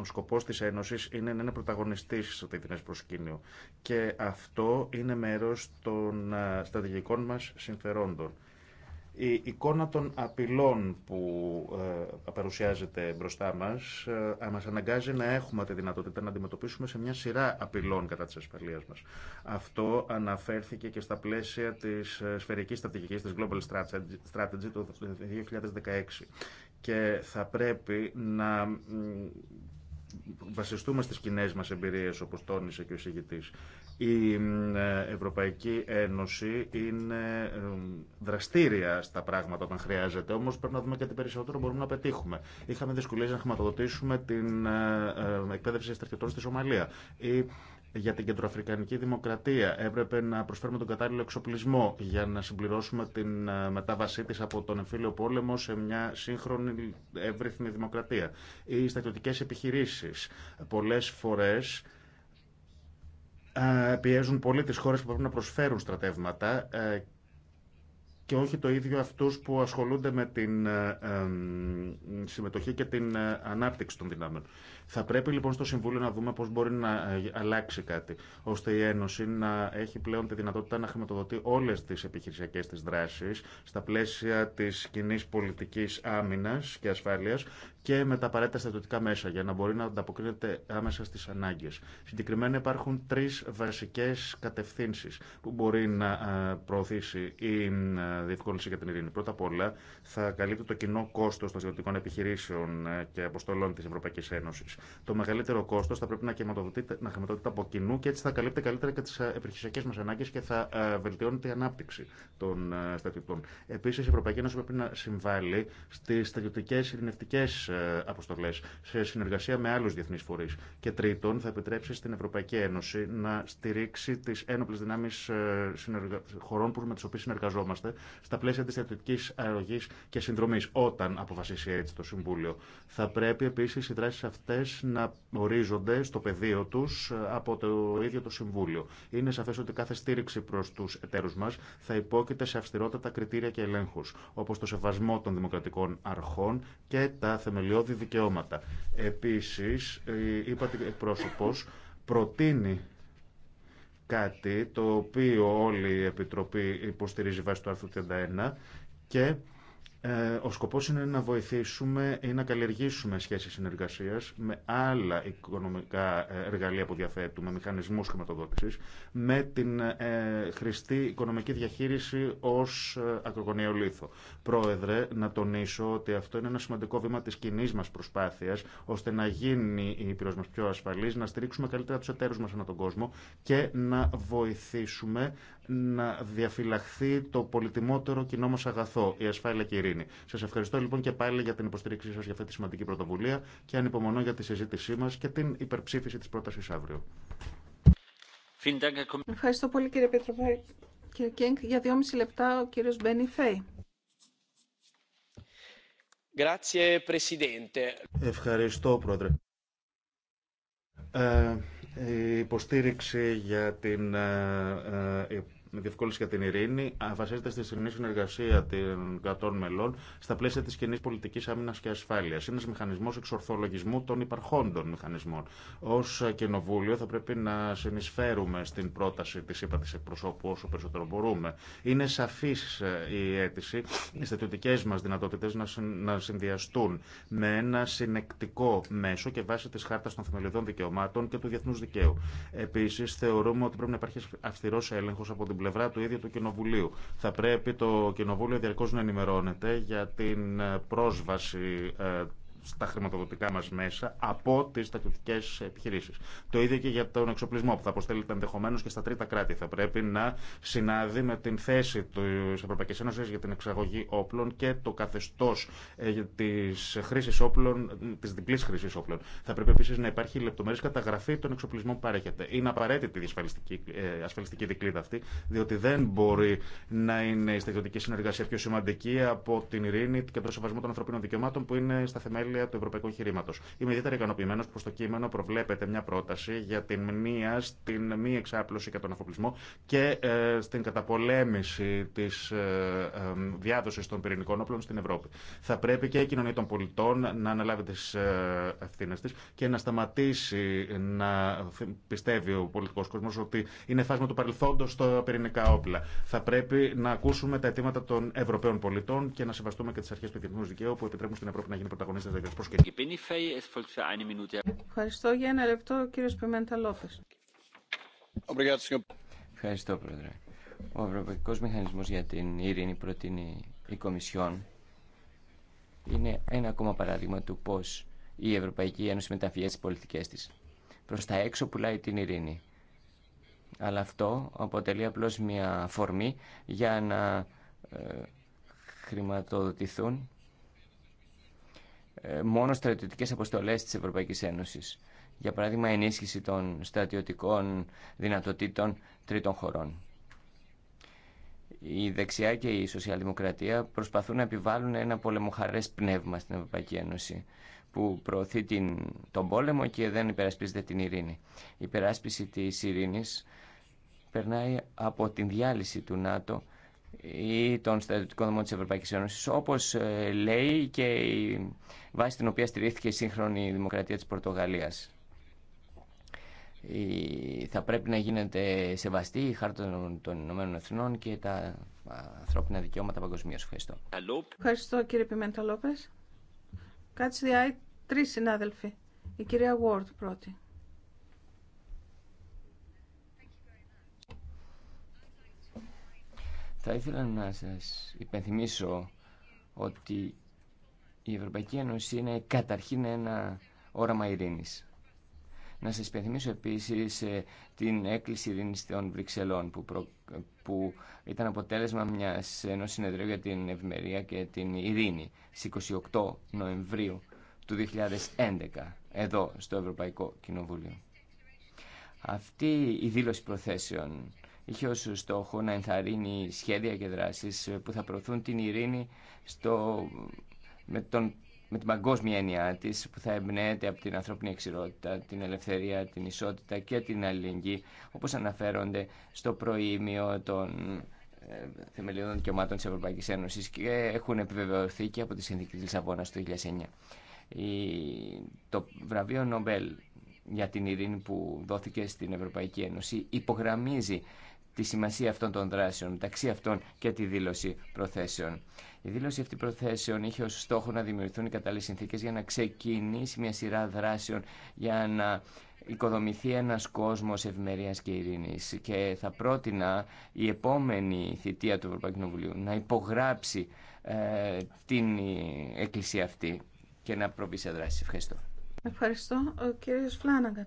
ο σκοπό τη Ένωση είναι να είναι πρωταγωνιστή στο διεθνέ προσκήνιο. Και αυτό είναι μέρο των στρατηγικών μα συμφερόντων. Η εικόνα των απειλών που παρουσιάζεται μπροστά μας μας αναγκάζει να έχουμε τη δυνατότητα να αντιμετωπίσουμε σε μια σειρά απειλών κατά της ασφαλείας μας. Αυτό αναφέρθηκε και στα πλαίσια της σφαιρικής στρατηγικής της Global Strategy του 2016 και θα πρέπει να βασιστούμε στις κοινέ μας εμπειρίες όπως τόνισε και ο εισηγητής. Η ε, Ευρωπαϊκή Ένωση είναι ε, δραστήρια στα πράγματα όταν χρειάζεται, όμως πρέπει να δούμε και τι περισσότερο μπορούμε να πετύχουμε. Είχαμε δυσκολίες να χρηματοδοτήσουμε την ε, εκπαίδευση στρατιωτών στη Σομαλία για την κεντροαφρικανική δημοκρατία. Έπρεπε να προσφέρουμε τον κατάλληλο εξοπλισμό για να συμπληρώσουμε την ε, μετάβασή τη από τον εμφύλιο πόλεμο σε μια σύγχρονη εύρυθμη δημοκρατία. Οι στρατιωτικέ επιχειρήσει πολλέ φορέ ε, πιέζουν πολύ τι χώρε που πρέπει να προσφέρουν στρατεύματα ε, και όχι το ίδιο αυτούς που ασχολούνται με την συμμετοχή και την ανάπτυξη των δυνάμεων. Θα πρέπει λοιπόν στο Συμβούλιο να δούμε πώ μπορεί να ε, αλλάξει κάτι, ώστε η Ένωση να έχει πλέον τη δυνατότητα να χρηματοδοτεί όλε τι επιχειρησιακέ τη δράσει στα πλαίσια τη κοινή πολιτική άμυνα και ασφάλεια και με τα απαραίτητα στρατιωτικά μέσα για να μπορεί να ανταποκρίνεται άμεσα στι ανάγκε. Συγκεκριμένα υπάρχουν τρει βασικέ κατευθύνσει που μπορεί να ε, προωθήσει η ε, διευκόλυνση για την ειρήνη. Πρώτα απ' όλα θα καλύπτει το κοινό κόστο των στρατιωτικών επιχειρήσεων και αποστολών τη Ευρωπαϊκή Ένωση. Το μεγαλύτερο κόστο θα πρέπει να, να χρηματοδοτείται από κοινού και έτσι θα καλύπτεται καλύτερα και τι ε, επιχειρησιακέ μα ανάγκε και θα ε, βελτιώνεται η ανάπτυξη των ε, στρατιωτών. Επίση, η Ευρωπαϊκή Ένωση πρέπει να συμβάλλει στι στρατιωτικέ ειρηνευτικέ αποστολέ σε συνεργασία με άλλου διεθνεί φορεί. Και τρίτον, θα επιτρέψει στην Ευρωπαϊκή Ένωση να στηρίξει τι ένοπλε δυνάμει χωρών με τι οποίε συνεργαζόμαστε στα πλαίσια τη στρατιωτική αλλαγή και συνδρομή, όταν αποφασίσει έτσι το Συμβούλιο. Θα πρέπει επίση οι δράσει αυτέ να ορίζονται στο πεδίο τους ε, από το ίδιο το Συμβούλιο. Είναι σαφές ότι κάθε στήριξη προς τους εταίρους μας θα υπόκειται σε αυστηρότατα κριτήρια και ελέγχους, όπως το σεβασμό των δημοκρατικών αρχών και τα θεμελιώδη δικαιώματα. Επίσης, ε, είπα πρόσωπος, προτείνει κάτι το οποίο όλη η Επιτροπή υποστηρίζει βάσει του άρθρου 31 και ε, ο σκοπός είναι να βοηθήσουμε ή να καλλιεργήσουμε σχέσεις συνεργασίας με άλλα οικονομικά ε, εργαλεία που διαθέτουμε, μηχανισμούς χρηματοδότησης, με την ε, χρηστή οικονομική διαχείριση ως ακρογωνιαίο λίθο. Πρόεδρε, να τονίσω ότι αυτό είναι ένα σημαντικό βήμα της κοινή μας προσπάθειας, ώστε να γίνει η πυρός μας πιο ασφαλής, να στηρίξουμε καλύτερα τους εταίρους μας ανά τον κόσμο και να βοηθήσουμε να διαφυλαχθεί το πολυτιμότερο κοινό μας αγαθό, η ασφάλεια κυρία σας Σα ευχαριστώ λοιπόν και πάλι για την υποστήριξή σα για αυτή τη σημαντική πρωτοβουλία και ανυπομονώ για τη συζήτησή μα και την υπερψήφιση τη πρόταση αύριο. Ευχαριστώ πολύ κύριε Πέτροπε. Κύριε Κέγκ, για δυόμιση λεπτά ο κύριος Μπένι Φέι. Ευχαριστώ, Πρόεδρε. Ε, η υποστήριξη για την ε, ε με διευκόλυνση για την ειρήνη βασίζεται στη στενή συνεργασία των κρατών μελών στα πλαίσια τη κοινή πολιτική άμυνα και ασφάλεια. Είναι μηχανισμό εξορθολογισμού των υπαρχόντων μηχανισμών. Ω ε, Κοινοβούλιο θα πρέπει να συνεισφέρουμε στην πρόταση τη ύπαρξη τη εκπροσώπου όσο περισσότερο μπορούμε. Είναι σαφή ε, η αίτηση οι στατιωτικέ μα δυνατότητε να συνδυαστούν με ένα συνεκτικό μέσο και βάσει τη Χάρτα των Θεμελιωδών Δικαιωμάτων και του Διεθνού Δικαίου. Επίση, θεωρούμε ότι πρέπει να υπάρχει αυστηρό έλεγχο από την πλευρά του ίδιου του Κοινοβουλίου. Θα πρέπει το Κοινοβούλιο διαρκώ να ενημερώνεται για την ε, πρόσβαση ε, στα χρηματοδοτικά μα μέσα από τι στατιωτικέ επιχειρήσει. Το ίδιο και για τον εξοπλισμό που θα αποστέλλεται ενδεχομένω και στα τρίτα κράτη. Θα πρέπει να συνάδει με την θέση τη Ευρωπαϊκή Ένωση για την εξαγωγή όπλων και το καθεστώ ε, τη χρήση όπλων, τη διπλή χρήση όπλων. Θα πρέπει επίση να υπάρχει λεπτομερής καταγραφή των εξοπλισμών που παρέχεται. Είναι απαραίτητη η ασφαλιστική, ε, ασφαλιστική δικλίδα αυτή, διότι δεν μπορεί να είναι η στρατιωτική συνεργασία πιο σημαντική από την ειρήνη και το σεβασμό των ανθρωπίνων δικαιωμάτων που είναι στα θεμέλια του ευρωπαϊκού εγχειρήματο. Είμαι ιδιαίτερα ικανοποιημένο που στο κείμενο προβλέπεται μια πρόταση για τη μνήμα στην μη εξάπλωση και τον αφοπλισμό και ε, στην καταπολέμηση τη ε, ε, διάδοση των πυρηνικών όπλων στην Ευρώπη. Θα πρέπει και η κοινωνία των πολιτών να αναλάβει τι ευθύνε τη και να σταματήσει να πιστεύει ο πολιτικό κόσμο ότι είναι φάσμα του παρελθόντο τα πυρηνικά όπλα. Θα πρέπει να ακούσουμε τα αιτήματα των Ευρωπαίων πολιτών και να σεβαστούμε και τι αρχέ του διεθνού δικαίου που επιτρέπουν στην Ευρώπη να γίνει πρωταγωνίστρια Ευχαριστώ για ένα λεπτό, κύριο Πιμέντα Ευχαριστώ, Ο Ευρωπαϊκός Μηχανισμός για την Ειρήνη προτείνει η Κομισιόν. Είναι ένα ακόμα παράδειγμα του πώς η Ευρωπαϊκή Ένωση μεταφύγει τις πολιτικές της. Προς τα έξω πουλάει την ειρήνη. Αλλά αυτό αποτελεί απλώς μια φορμή για να ε, χρηματοδοτηθούν ε, μόνο στρατιωτικέ αποστολές της Ευρωπαϊκής Ένωσης. Για παράδειγμα, ενίσχυση των στρατιωτικών δυνατοτήτων τρίτων χωρών. Η δεξιά και η σοσιαλδημοκρατία προσπαθούν να επιβάλλουν ένα πολεμοχαρές πνεύμα στην Ευρωπαϊκή Ένωση που προωθεί την, τον πόλεμο και δεν υπερασπίζεται την ειρήνη. Η υπεράσπιση της ειρήνης περνάει από την διάλυση του ΝΑΤΟ ή των στρατιωτικών δομών της Ευρωπαϊκής Ένωσης, όπως ε, λέει και η βάση την οποία στηρίχθηκε η σύγχρονη δημοκρατία της Πορτογαλίας. Θα πρέπει να γίνεται σεβαστή η χάρτα των Ηνωμένων Εθνών και τα ανθρώπινα δικαιώματα παγκοσμίω. Ευχαριστώ. Ευχαριστώ κύριε Πιμέντα Λόπες. Κάτσε διάει τρεις συνάδελφοι. Η κυρία Ward πρώτη. Θα ήθελα να σας υπενθυμίσω ότι η Ευρωπαϊκή Ένωση είναι καταρχήν ένα όραμα ειρήνης. Να σας υπενθυμίσω επίσης ε, την έκκληση ειρήνης των Βρυξελών που, που ήταν αποτέλεσμα μιας, ενός συνεδρίου για την ευημερία και την ειρήνη στις 28 Νοεμβρίου του 2011 εδώ στο Ευρωπαϊκό Κοινοβούλιο. Αυτή η δήλωση προθέσεων είχε ως στόχο να ενθαρρύνει σχέδια και δράσεις που θα προωθούν την ειρήνη στο, με, τον, με την παγκόσμια έννοια τη, που θα εμπνέεται από την ανθρώπινη εξηρότητα, την ελευθερία, την ισότητα και την αλληλεγγύη, όπως αναφέρονται στο προήμιο των ε, θεμελιωδών δικαιωμάτων της Ευρωπαϊκής Ένωσης και έχουν επιβεβαιωθεί και από τη Συνδική της Λισαβόνας το 2009. Το βραβείο Νομπέλ για την ειρήνη που δόθηκε στην Ευρωπαϊκή Ένωση υπογραμμίζει τη σημασία αυτών των δράσεων, μεταξύ αυτών και τη δήλωση προθέσεων. Η δήλωση αυτή προθέσεων είχε ως στόχο να δημιουργηθούν οι κατάλληλες συνθήκες για να ξεκινήσει μια σειρά δράσεων για να οικοδομηθεί ένας κόσμος ευμερίας και ειρήνης και θα πρότεινα η επόμενη θητεία του Ευρωπαϊκού Κοινοβουλίου να υπογράψει ε, την εκκλησία αυτή και να προβεί σε δράση. Ευχαριστώ. Ευχαριστώ. Ο κύριος Φλάναγκα